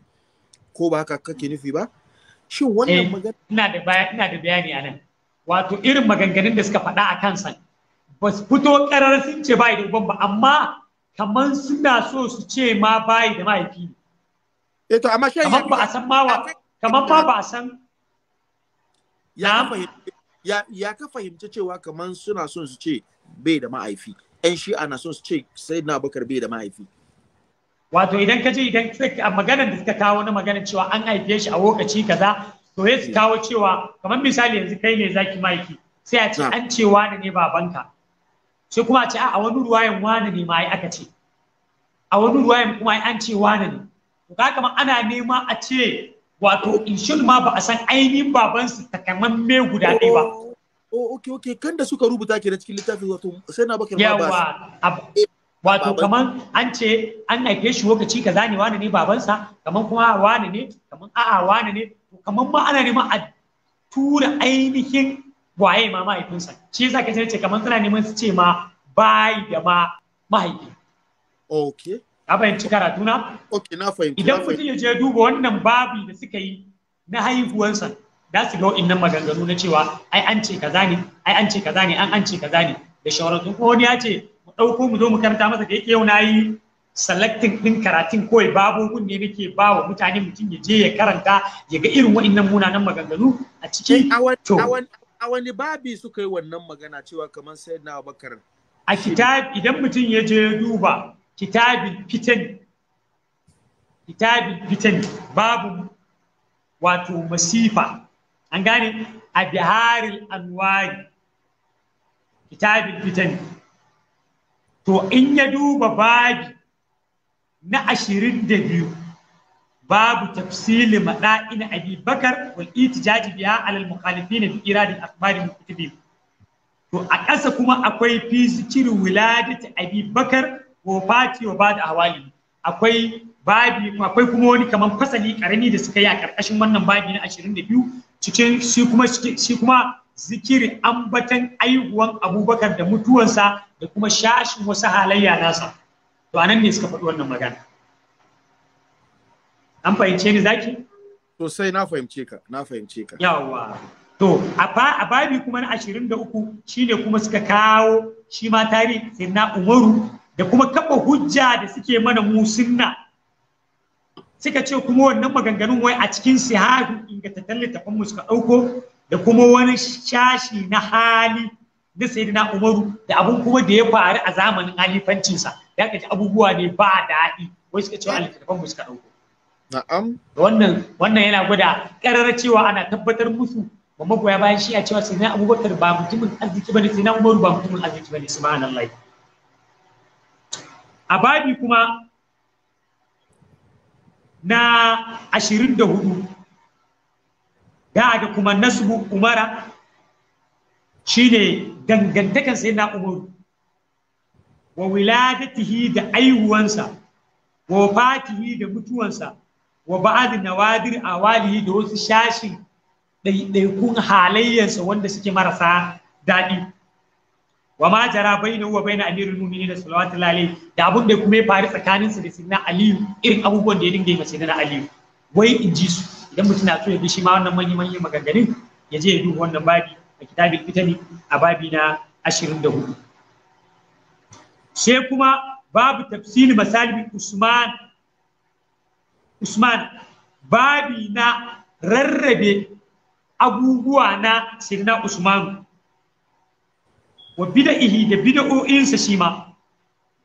ko ba haka kake nufi ba shin wannan eh, magana ina da bayani a nan wato irin maganganun da suka faɗa a kansa ba su fito ƙarar sun ce bai da uban ba amma kamar suna so su ce ma bai da mahaifi ne. Eto eh, amma shi kamar ba a san ma wa kamar ba ba a san ya ya ya ka fahimci cewa kamar suna son su ce bai da mahaifi ƴan shi'a na son su ce sai na bakar bai da mahaifi wato idan ka je idan a maganar da suka kawo na maganar cewa an haife shi a lokaci kaza to ya su eh. kawo cewa kamar misali yanzu kai ne zaki maiki sai a ce an ce wani ne babanka sai kuma a ce a wani ruwayan wani ne ma ai aka ce a wani ruwayan kuma ai an ce wani ne to ka kamar ana nema a ce wato in ma ba a san ainihin babansu me guda oh, ɗaya ba oh, oh okay okay kan da suka rubuta ke da cikin littafin wato sai na baka ba yawa wato kaman an ce an haife shi lokaci kaza ne wani ne babansa kaman kuma wani ne kaman a'a wani ne kamar ma ana neman a tura ainihin waye ma mahaifinsa shi yasa ka ce kamar tana neman su ce ma bai da ma mahaifi okay ka fahimci karatu na okay na fahimci idan mutum ya je duba wannan babi da suka yi na haihuwansa da su ga wa'innan maganganu na cewa ai an ce kaza ne ai an ce kaza ne an an ce kaza ne da shawararsu ko wani ya ce mu ɗauko mu zo mu karanta masa da yake yau na yi selecting din karatun kawai babobin ne nake ba wa mutane mutum ya je ya karanta ya ga irin wa'annan munanan maganganu a cikin a wani babi suka yi wannan magana cewa kamar sai na bakar a kitab idan mutum ya je ya duba kitabin fitan kitabin fitan babu wato masifa an gane a biharil anwari kitabin fitan to in ya duba babi na ashirin da biyu babu tafsili maɗa'ina abi bakar wal itijaji biya alal mukhalifin bi iradin akhbari mukutubi to a ƙasa kuma akwai fi zikirin ta abi bakar ko fati wa bada hawali akwai babi akwai kuma wani kamar fasali karami da suka yi a ƙarƙashin wannan babi na 22 cikin shi kuma shi kuma zikirin ambatan aihuwan abubakar da mutuwansa da kuma shashin wasu halayya nasa to anan ne suka faɗi wannan magana an fahimce ni zaki sosai na fahimce ka na fahimce ka yawa to a babi kuma na 23 shine kuma suka kawo shi ma tarihi sai na umaru da kuma kaɓa hujja da suke mana mu sunna suka ce kuma wannan maganganun wai a cikin sihahin ingantattun littafin mu suka ɗauko da kuma wani shashi na hali da sayyidina Umaru da abun kuma da ya faru a zamanin halifancinsa ya kaji abubuwa ne ba daɗi wai suka cewa alƙarfan mu suka ɗauko na'am wannan wannan yana gwada ƙarar cewa ana tabbatar musu ba magoya bayan shi a cewa sayyidina Abubakar ba mutumin arziki ba bane sayyidina Umaru ba mutumin arziki ba bane subhanallahi a babi kuma na ashirin da hudu da da kuma nasbu umara shine dangantakan sai na umar wa wiladatihi da aihuwansa wa fatihi da mutuwansa wa ba'ad nawadir awalihi da wasu shashi ɗaiɗaikun halayyarsa wanda suke marasa daɗi wa ma jara baina wa baina amirul mu'minin salawatu lalai da abun da kuma ya faru tsakanin su da sinna aliyu irin abubuwan da ya dinga yi masa na aliyu wai in ji su idan mutum na so ya bi shi ma wannan manyan manyan maganganun ya je ya duba wannan babi a kitabin fitani a babi na 24 sai kuma babu tafsiri masalibin usman usman babi na rarrabe abubuwa na sirna usman wa bida'ihi da bida'o'insa shi ma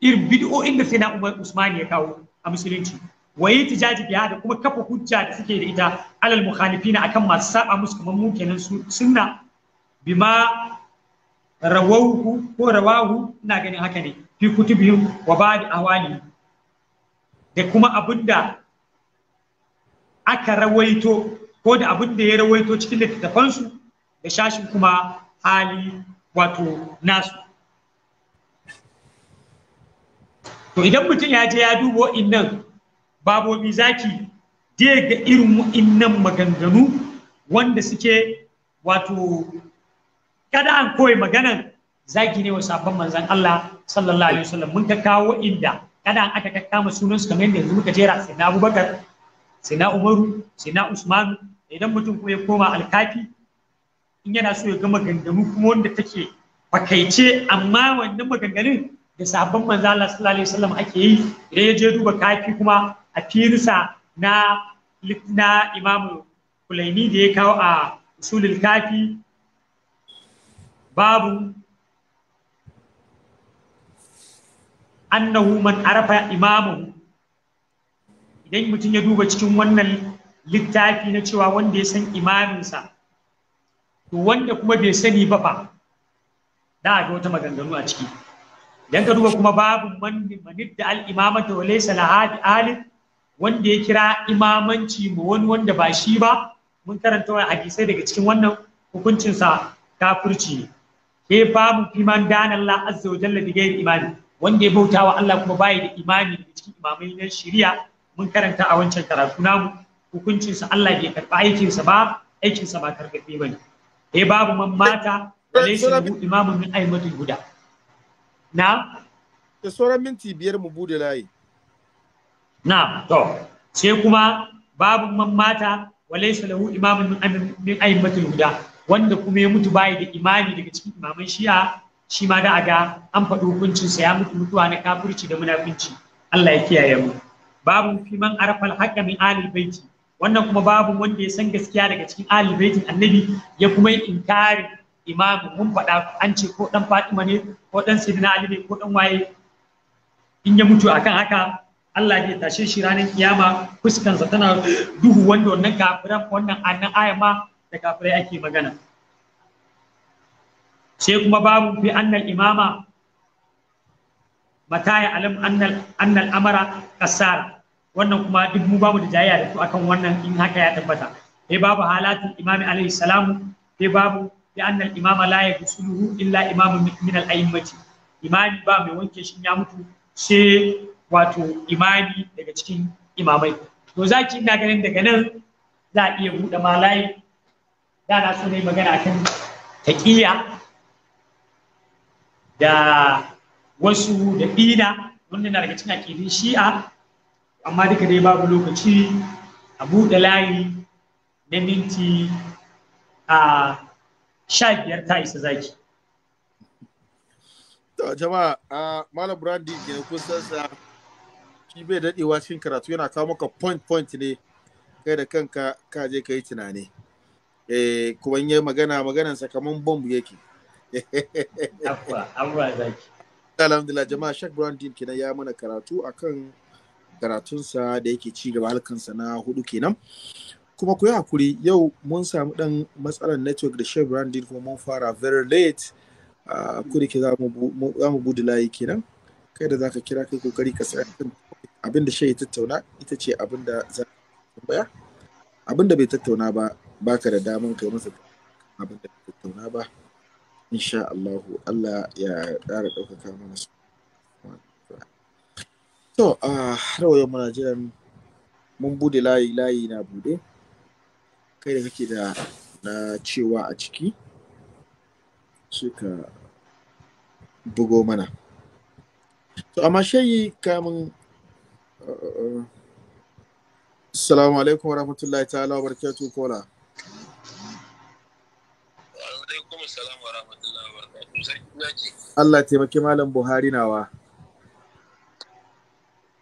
irin bida'o'in da Umar usman ya kawo a musulunci Waye ta tijaji biya da kuma kafa hujja da suke da ita alal mukhalifina akan masu saba musu kamar mu kenan sunna bima rawauhu ko rawahu ina ganin haka ne fi kutubihim wa awali da kuma abinda aka rawaito ko da abin ya rawaito cikin littattafansu da shashin kuma hali wato nasu to idan mutum ya je ya dubo innan babobi zaki je ga irin wainnan maganganu wanda suke wato kada an koyi maganan zaki ne wa sabon manzan Allah sallallahu alaihi wasallam mun ka kawo inda kada an aka kakkama sunan su kamar yanzu muka jera sai na Abubakar sai na Umaru sai na Usman idan mutum ko ya koma alkafi in yana so ya gama maganganu kuma wanda take fakaice amma wannan maganganun da sabon manzan Allah sallallahu alaihi wasallam ake yi idan ya je duba kafi kuma a firisa na na imamu kulaini da ya kawo a usulul kafi babu annahu man arafa imamu idan mutum ya duba cikin wannan littafi na cewa wanda ya san imaminsa to wanda kuma bai sani ba fa da ga wata maganganu a ciki idan ka duba kuma babu manidda al imamata wa laysa lahadi alif wanda ya kira imamanci mu wani wanda ba shi ba mun karanta wa hadisai daga cikin wannan hukuncinsa kafirci ne ke eh, babu fiman dana Allah azza wa jalla bigayr imani wanda ya bauta wa Allah kuma bai da imani cikin imamai na shari'a mun karanta a wancan karatu namu hukuncin sa Allah bai karba aikin sa ba aikin sa ba karbe bane eh babu man mata walaysa lahu min aimatul huda na da sauran minti biyar mu bude layi na to sai kuma babu man mata walaysa lahu imamun min aimatul huda wanda kuma ya mutu bayi da imani daga cikin imaman shi'a shi ma da aga an faɗi sa ya mutu mutuwa na kafirci da munafunci Allah ya kiyaye mu babu fiman arfal haqqa min ahli baiti wannan kuma babu wanda ya san gaskiya daga cikin ahli baitin annabi ya kuma yi inkarin imamu mun faɗa an ce ko dan Fatima ne ko dan Sidina Ali ne ko dan waye in ya mutu akan haka Allah ya tashe shi ranar kiyama fuskansa tana duhu wanda wannan kafiran wannan annan ayama da kafirai ake magana sai kuma babu fi annal imama mata ya alam annal amara kasar wannan kuma duk mu babu da jayya da akan wannan in haka ya tabbata sai babu halatin imami alaihi salamu sai babu bi annal imama la yusluhu illa imamu min al a'immati imami ba mai wanke shi ya mutu sai wato imami daga cikin imamai to zaki ina ganin daga nan za a iya buɗe ma da na so ne magana kan taƙiya da wasu da ɗina wanda na daga cikin akidin shi'a amma duka dai babu lokaci a buɗe layi na minti a sha biyar ta isa zaki. To jama'a a Malam Brandy ke kusan shi bai daɗewa cikin karatu yana kawo maka point point ne kai da kanka ka je ka yi tunani. eh kuma in yi magana maganan kaman bomb yake amma zaki alhamdulillah jama'a Sheikh Brown Dean kenan ya mana karatu akan karatunsa da yake ci gaba halkansa na hudu kenan kuma ku yi hakuri yau mun samu dan matsalar network da Sheikh Brown Dean kuma mun fara very late a ah, kuri ke za mu gudu layi kenan kai da za ka kira kai kokari ka sa abinda shi ya tattauna ita ce abinda za ka tambaya abinda bai tattauna ba baka da daman kai masa abin da tattauna ba insha Allah Allah ya ƙara ɗaukaka mana su to a har yau muna jiran mun bude layi layi na bude kai da kake da na cewa a ciki suka bugo mana to amma shayi kamun uh, uh, uh, Assalamu alaikum warahmatullahi ta'ala wa barakatuh kola. Allah taimaki malam Buhari nawa.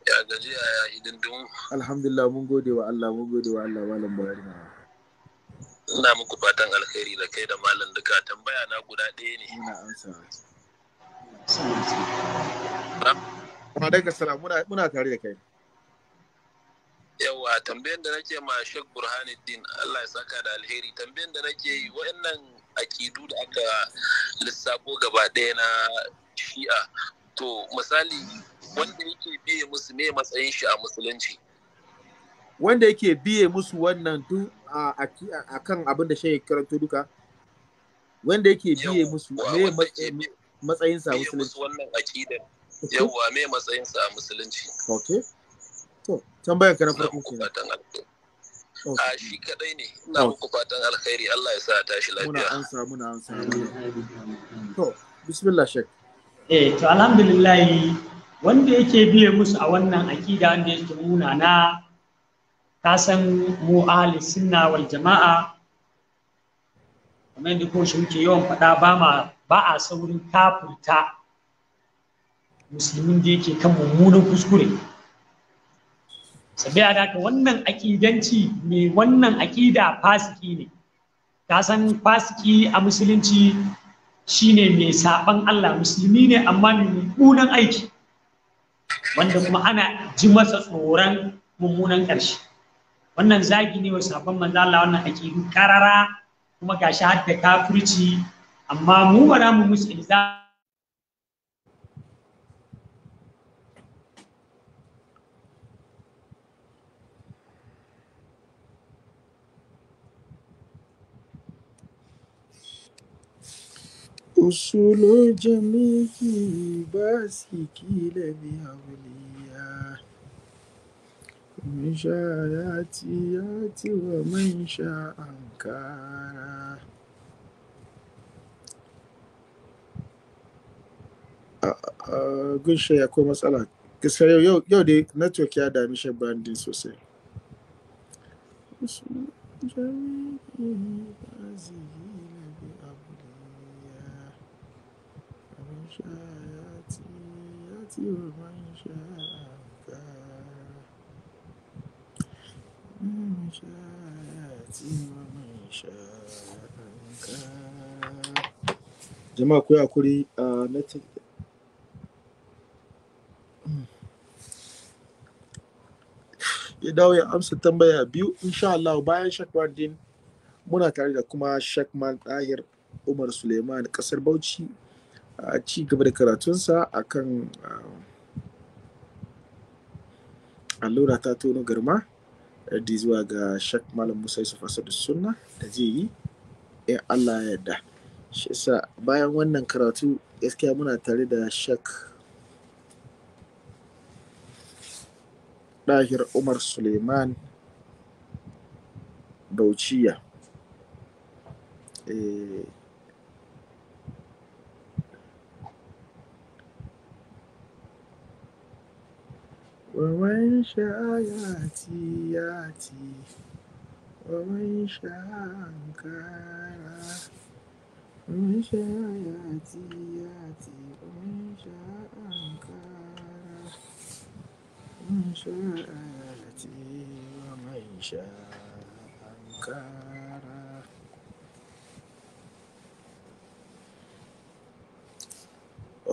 Ya gajiya ya idan dun. Alhamdulillah mun gode wa Allah mun gode wa Allah malam Buhari nawa. Ina muku fatan alkhairi da kai da malam duka tambaya na guda ɗaya ne. Ina amsa. Wa alaikum salam muna muna tare da kai. yawa tambayan da nake ma Sheikh Burhanuddin Allah ya saka da alheri tambayan da nake yi wa'annan aƙidu da aka lissafo gaba ɗaya na shi'a to misali wanda yake biye musu me matsayin shi a musulunci wanda yake biye musu wannan tu a kan abin da shi karanto duka wanda yake biye musu me matsayin sa musulunci wannan aƙidan yawa me matsayin sa a musulunci okay to tambayar ka na farko kenan a shi kadai ne ina muku fatan alkhairi Allah ya sa tashi lafiya muna ansa muna ansa to bismillah shek eh to alhamdulillah wanda yake biye musu a wannan akida wanda yake nuna na ka san mu ahli sunna wal jama'a kamar yadda ko shi muke yawan faɗa ba ma ba a saurin kafurta musulmin da yake kan mummunan kuskure sabiya da wannan aƙidanci mai wannan aƙida fasiki ne ka san fasiki a musulunci shine mai saban Allah musulmi ne amma mai mummunan aiki wanda kuma ana ji masa tsoron mummunan ƙarshe wannan zagi ne wa sabon manzo Allah wannan aƙidu karara kuma gashi har da kafirci amma mu bara mu musu أصول الجميع باسكي بأولياء من شاء يأتي يأتي ومن Ankara. أنكارا gunshe şey ya akwai matsala gaskiya şey, yau yau dai network ya dami shi bandin sosai يشاء يأتي يأتي ومن يشاء من ya dawo ya amsa tambaya biyu insha Allah bayan shakman din muna tare da kuma shakman ɗahir umar suleiman ƙasar bauchi a ci gaba da karatunsa a kan ah, allura ta tono garma eh, da zuwa ga shak malam musa yusuf asadu sunna da zai yi in allah ya yarda shi sa bayan wannan karatu gaskiya muna tare da shak ɗahir umar suleiman bauchiya eh, ومن شاء يأتي يأتي ومن شاء أنكر ومن شاء يأتي يأتي ومن شاء أنكر ومن شاء يأتي ومن شاء أنكر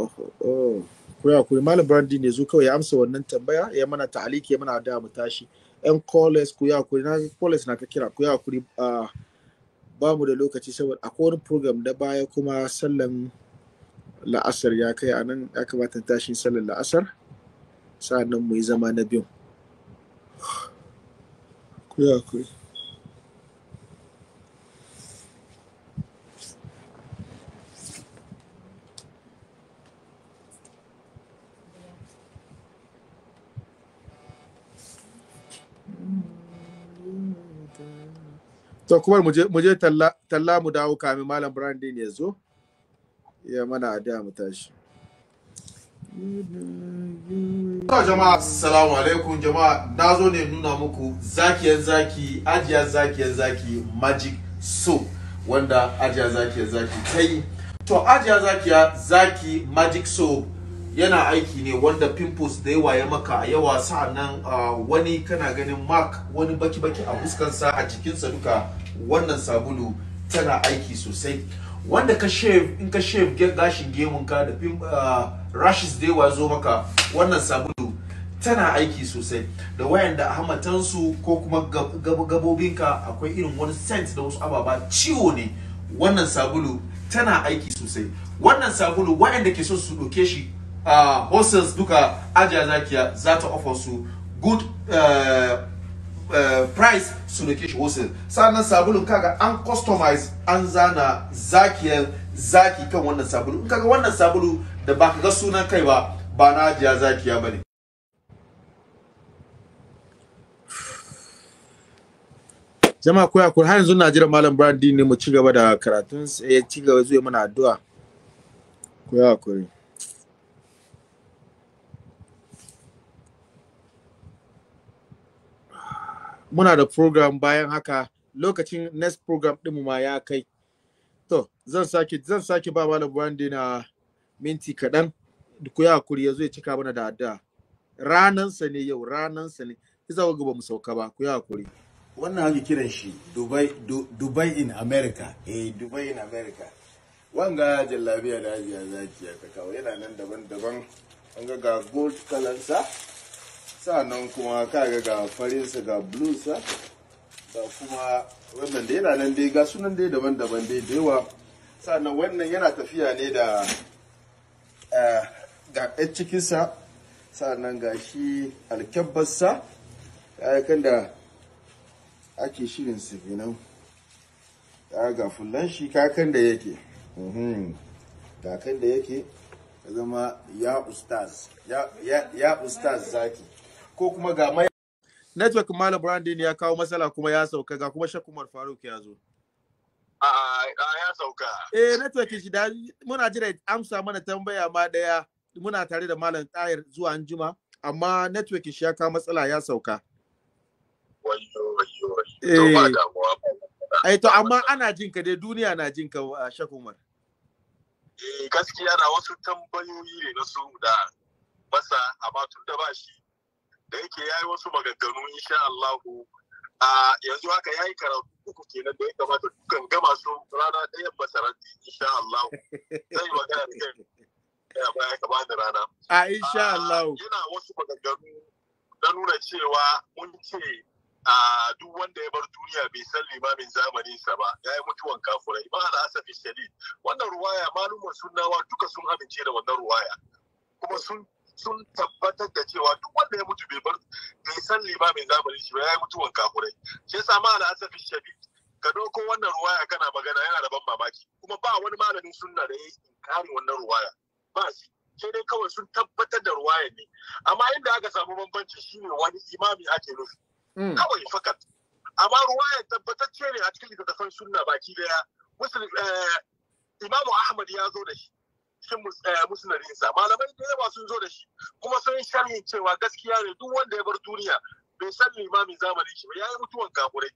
Oh, oh. ku ya kuri malam brandi ne zo kawai ya amsa wannan tambaya ya mana ta'aliki ya mana da mu tashi yan callers kuya na callers na ka kira kuya ba mu da lokaci saboda akwai wani program da baya kuma sallan la'asar ya kai a nan ya kamata tashin sallan la'asar sa'annan mu yi zama na biyu kuya to kuma mu je talla mu dawo kamin malam brandin ya zo ya mana addu'a mu tashi jama'a assalamu alaikum jama'a na zo ne nuna muku zakiyar zaki ajiyar zakiyar zaki magic soap wanda ajiya zakiyar zaki ta yi to ajiya zakiya zaki magic soap yana aiki ne wanda pimples da yawa ya maka a yawa sa'annan wani kana ganin mark wani baki-baki a fuskansa a jikinsa duka wannan sabulu tana aiki sosai wanda ka shave in ka shave gashin gemunka da rashes da yawa zo maka wannan sabulu tana aiki sosai da wayan da hamatansu ko kuma gabobinka akwai irin wani scent da wasu ababa ciwo ne wannan sabulu tana aiki sosai wannan sabulu wayanda ke so su ɗauke shi uh, hostels duka ajiya zakiya za ta offer su good uh, uh, price su nake shi hostel sannan sabulun kaga an customize an zana zakiyar zaki kan wannan sabulu in kaga wannan sabulu da ba ka ga sunan kai ba ba na ajiya zakiya ba ne jama koya ko har yanzu na jira malam brandi ne mu ci gaba da karatun ya ci gaba zuwa mana addu'a koya hakuri muna da program bayan haka lokacin next program mu ma ya kai to zan sake zan sake ba malam Brandy na minti kaɗan ku ya hakuri ya zo ya cika mana da addu'a ranansa ne yau ranansa ne isa ga ba mu sauka ba ku ya hakuri wannan ake kiran shi Dubai Dubai in America eh Dubai in America wanga jallabiya da hajiya zakiya ya kawo yana nan daban-daban an ga gold kalansa sa'annan kuma kaga ga farinsa ga bluesa da kuma wannan da yana nan dai ga sunan dai daban-daban dai da yawa sa'annan wannan yana tafiya ne da eh, ga ɗan cikinsa sa'annan ga shi alkyabbarsa kayakan da ake shirin su kenan ga fullan shi kakan da yake mhm. kakan da yake zama ya ustaz ya ustaz zaki ko kuma ga mai network malam brandin ya kawo matsala kuma ya sauka ga kuma mar faruk ya zo A'a, ya sauka. Eh, network shi da muna jira amsa mana tambaya ma daya muna tare da malam tayar zuwa anjima amma network shi ya kawo matsala ya sauka. Eh. eh, to amma ana jin ka dai duniya na jin ka Shakumar. Eh, gaskiya da wasu tambayoyi ne na su da masa amma tun da ba shi da yake ya yi wasu maganganu insha Allahu a yanzu haka ya yi karatu uku kenan da ya kamata dukkan gama su rana ɗayan masaranti insha Allahu zai magana da kai baya kama da rana a insha Allahu yana wasu maganganu na nuna cewa mun ce a duk wanda ya bar duniya bai san limamin zamanin sa ba ya yi mutuwan kafurai ba da asafi shalid wannan ruwaya malumar sunnawa duka sun amince da wannan ruwaya kuma sun sun tabbatar da cewa duk wanda ya mutu bai bar bai san limamin zamanin shi ba ya yi mutuwan kakurai shi yasa ma al'asafi shadid ka ɗauko wannan ruwaya kana magana yana da ban mamaki kuma ba wani malamin sunna da ya yi inkarin wannan ruwaya ba shi sai dai kawai sun tabbatar da ruwaya ne amma inda aka samu bambanci shine wani imami ake nufi mm. kawai fakat amma ruwaya tabbatacce ne a cikin littattafan sunna baki daya eh, imamu ahmad ya zo da shi cikin eh, musnadinsa malamai da yawa sun zo da shi kuma sun sharhi cewa gaskiya ne duk wanda ya bar duniya bai san limamin zamani shi ba ya yi mutuwan kafurai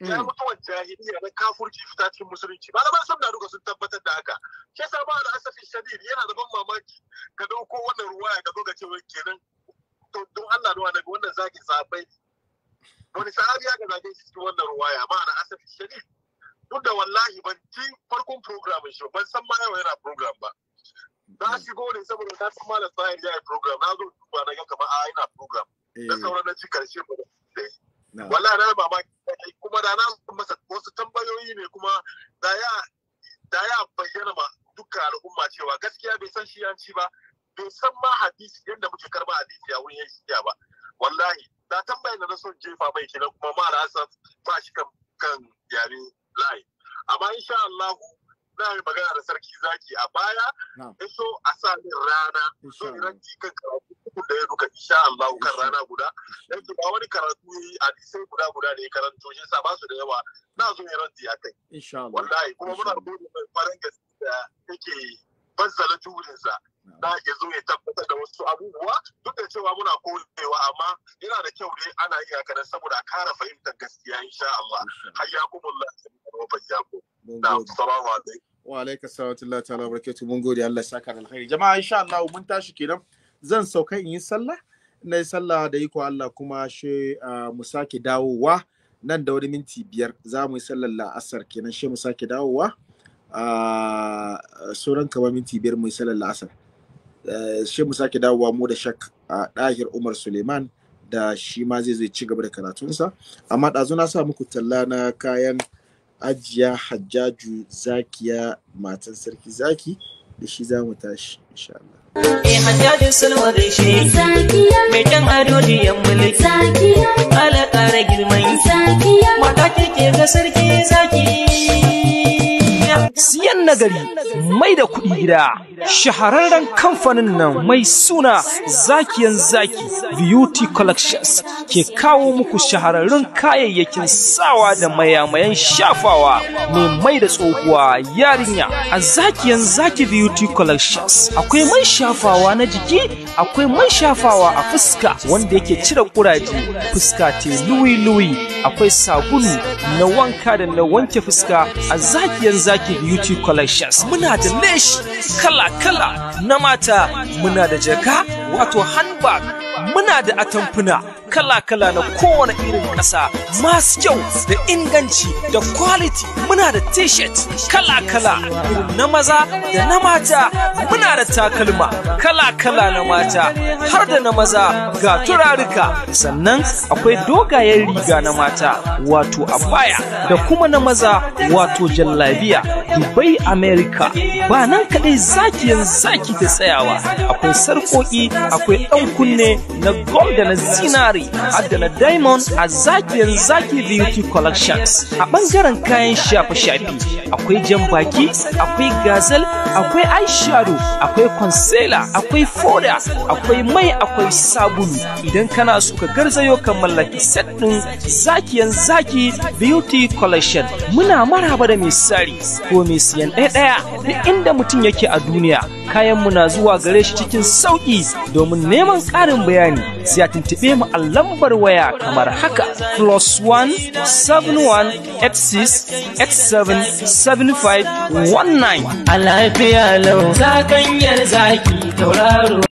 ya mm. mutuwan jahiliya na kafurci fita cikin musulunci Malamai sun na duka sun tabbatar da haka ke sa ba da asafi shadid yana da ban mamaki ka dauko wannan ruwaya ka zo ga cewa kenan don Allah da daga wannan zagin zabai wani sahabi ya ga zagin cikin wannan ruwaya ba da asafi shadid duk da wallahi ban tun farkon program shi ba, ban san ma yau yana program ba na mm. shigo ne saboda na san malam tsayar ya yi program na zo duba na ga kamar a yana program na eh. sauran na ci karshe ba wallahi na mamaki kuma da na masa wasu tambayoyi ne kuma da ya da ya bayyana ma dukkan al'umma cewa gaskiya bai san shi yanci ba bai san ma hadisi yadda muke karba hadisi a wurin yanci ba wallahi da tambayar da na son jefa mai kenan kuma ma san ba shi kan yare live amma insha Allah na yi magana da sarki zaki a baya in so a sa min rana so iran kan karatu da ya duka insha Allah kan rana guda dan ba wani karatu yi a sai guda guda da ya karanto shi sa ba su da yawa na zo iran ji akai insha Allah wallahi kuma muna gode mai farin gaskiya yake bazzala jurinsa na ya zo ya tabbatar da wasu abubuwa duk da cewa muna kodewa amma yana da kyau dai ana iya haka saboda kara fahimtar gaskiya insha Allah hayyakumullah sabiyyakum na assalamu alaikum wa alaikum salawatullahi ta'ala barakatuh mun gode Allah ya saka alkhairi jama'a insha Allah mun tashi kenan zan sauka in yi sallah na yi sallah da iko Allah kuma she mu sake dawowa nan da wani minti biyar za mu yi sallar la'asar kenan she mu sake dawowa a sauran kama minti biyar mu yi sallar la'asar Eh, shi mu sake dawowa mu da shak a ah, ɗahir umar suleiman da shi ma zai zai ci gaba da karatunsa amma ɗazu na sa muku talla na kayan ajiya hajjaju zakiya matan sarki zaki da shi za mu tashi insha Allah. Eh hajjaju sulwa da shi zakiya mai dan ado da yan mulki ala ƙara girman zakiya mata ke ga sarki zaki siyan nagari mai da kuɗi gida shahararren kamfanin nan mai suna zakiyan zaki beauty collections ke kawo muku shahararrun kayayyakin sawa da mayamayan shafawa mai mai da tsohuwa yarinya a zakiyan zaki beauty collections akwai man shafawa na jiki akwai man shafawa a fuska wanda yake cire kuraje fuska te luwi-luwi akwai sabulu na wanka da na wanke fuska a zakiyan zaki YouTube collections muna da lesh kala-kala na mata muna da jaka wato handbag muna da atamfuna kala-kala na kowane irin ƙasa masu kyau da inganci da quality muna da t-shirt kala-kala na maza da na mata muna da takalma kala-kala na mata har da na maza ga turarika sannan akwai dogayen riga na mata wato abaya da kuma na maza wato jallabiya Dubai America ba nan kaɗai zakiyan zaki ta tsayawa akwai sarkoki, akwai ɗan kunne na gold da na zinari har da na diamond a zakiyan zaki beauty collections a ɓangaren kayan shafe shafi akwai jan baki akwai gazel akwai eyeshadow akwai concealer akwai foda akwai mai akwai sabulu idan kana so ka garzayo ka mallaki set ɗin zakiyan zaki beauty collection muna maraba da misali ko mai siyan ɗaya-ɗaya duk inda mutum yake a duniya kayan mu na zuwa gare shi cikin sauƙi domin neman ƙarin bayani sai a tuntuɓe mu a lambar waya kamar haka plus one seven one eight six eight seven seven five one nine. A lafiya lau, zakanyar zaki tauraro.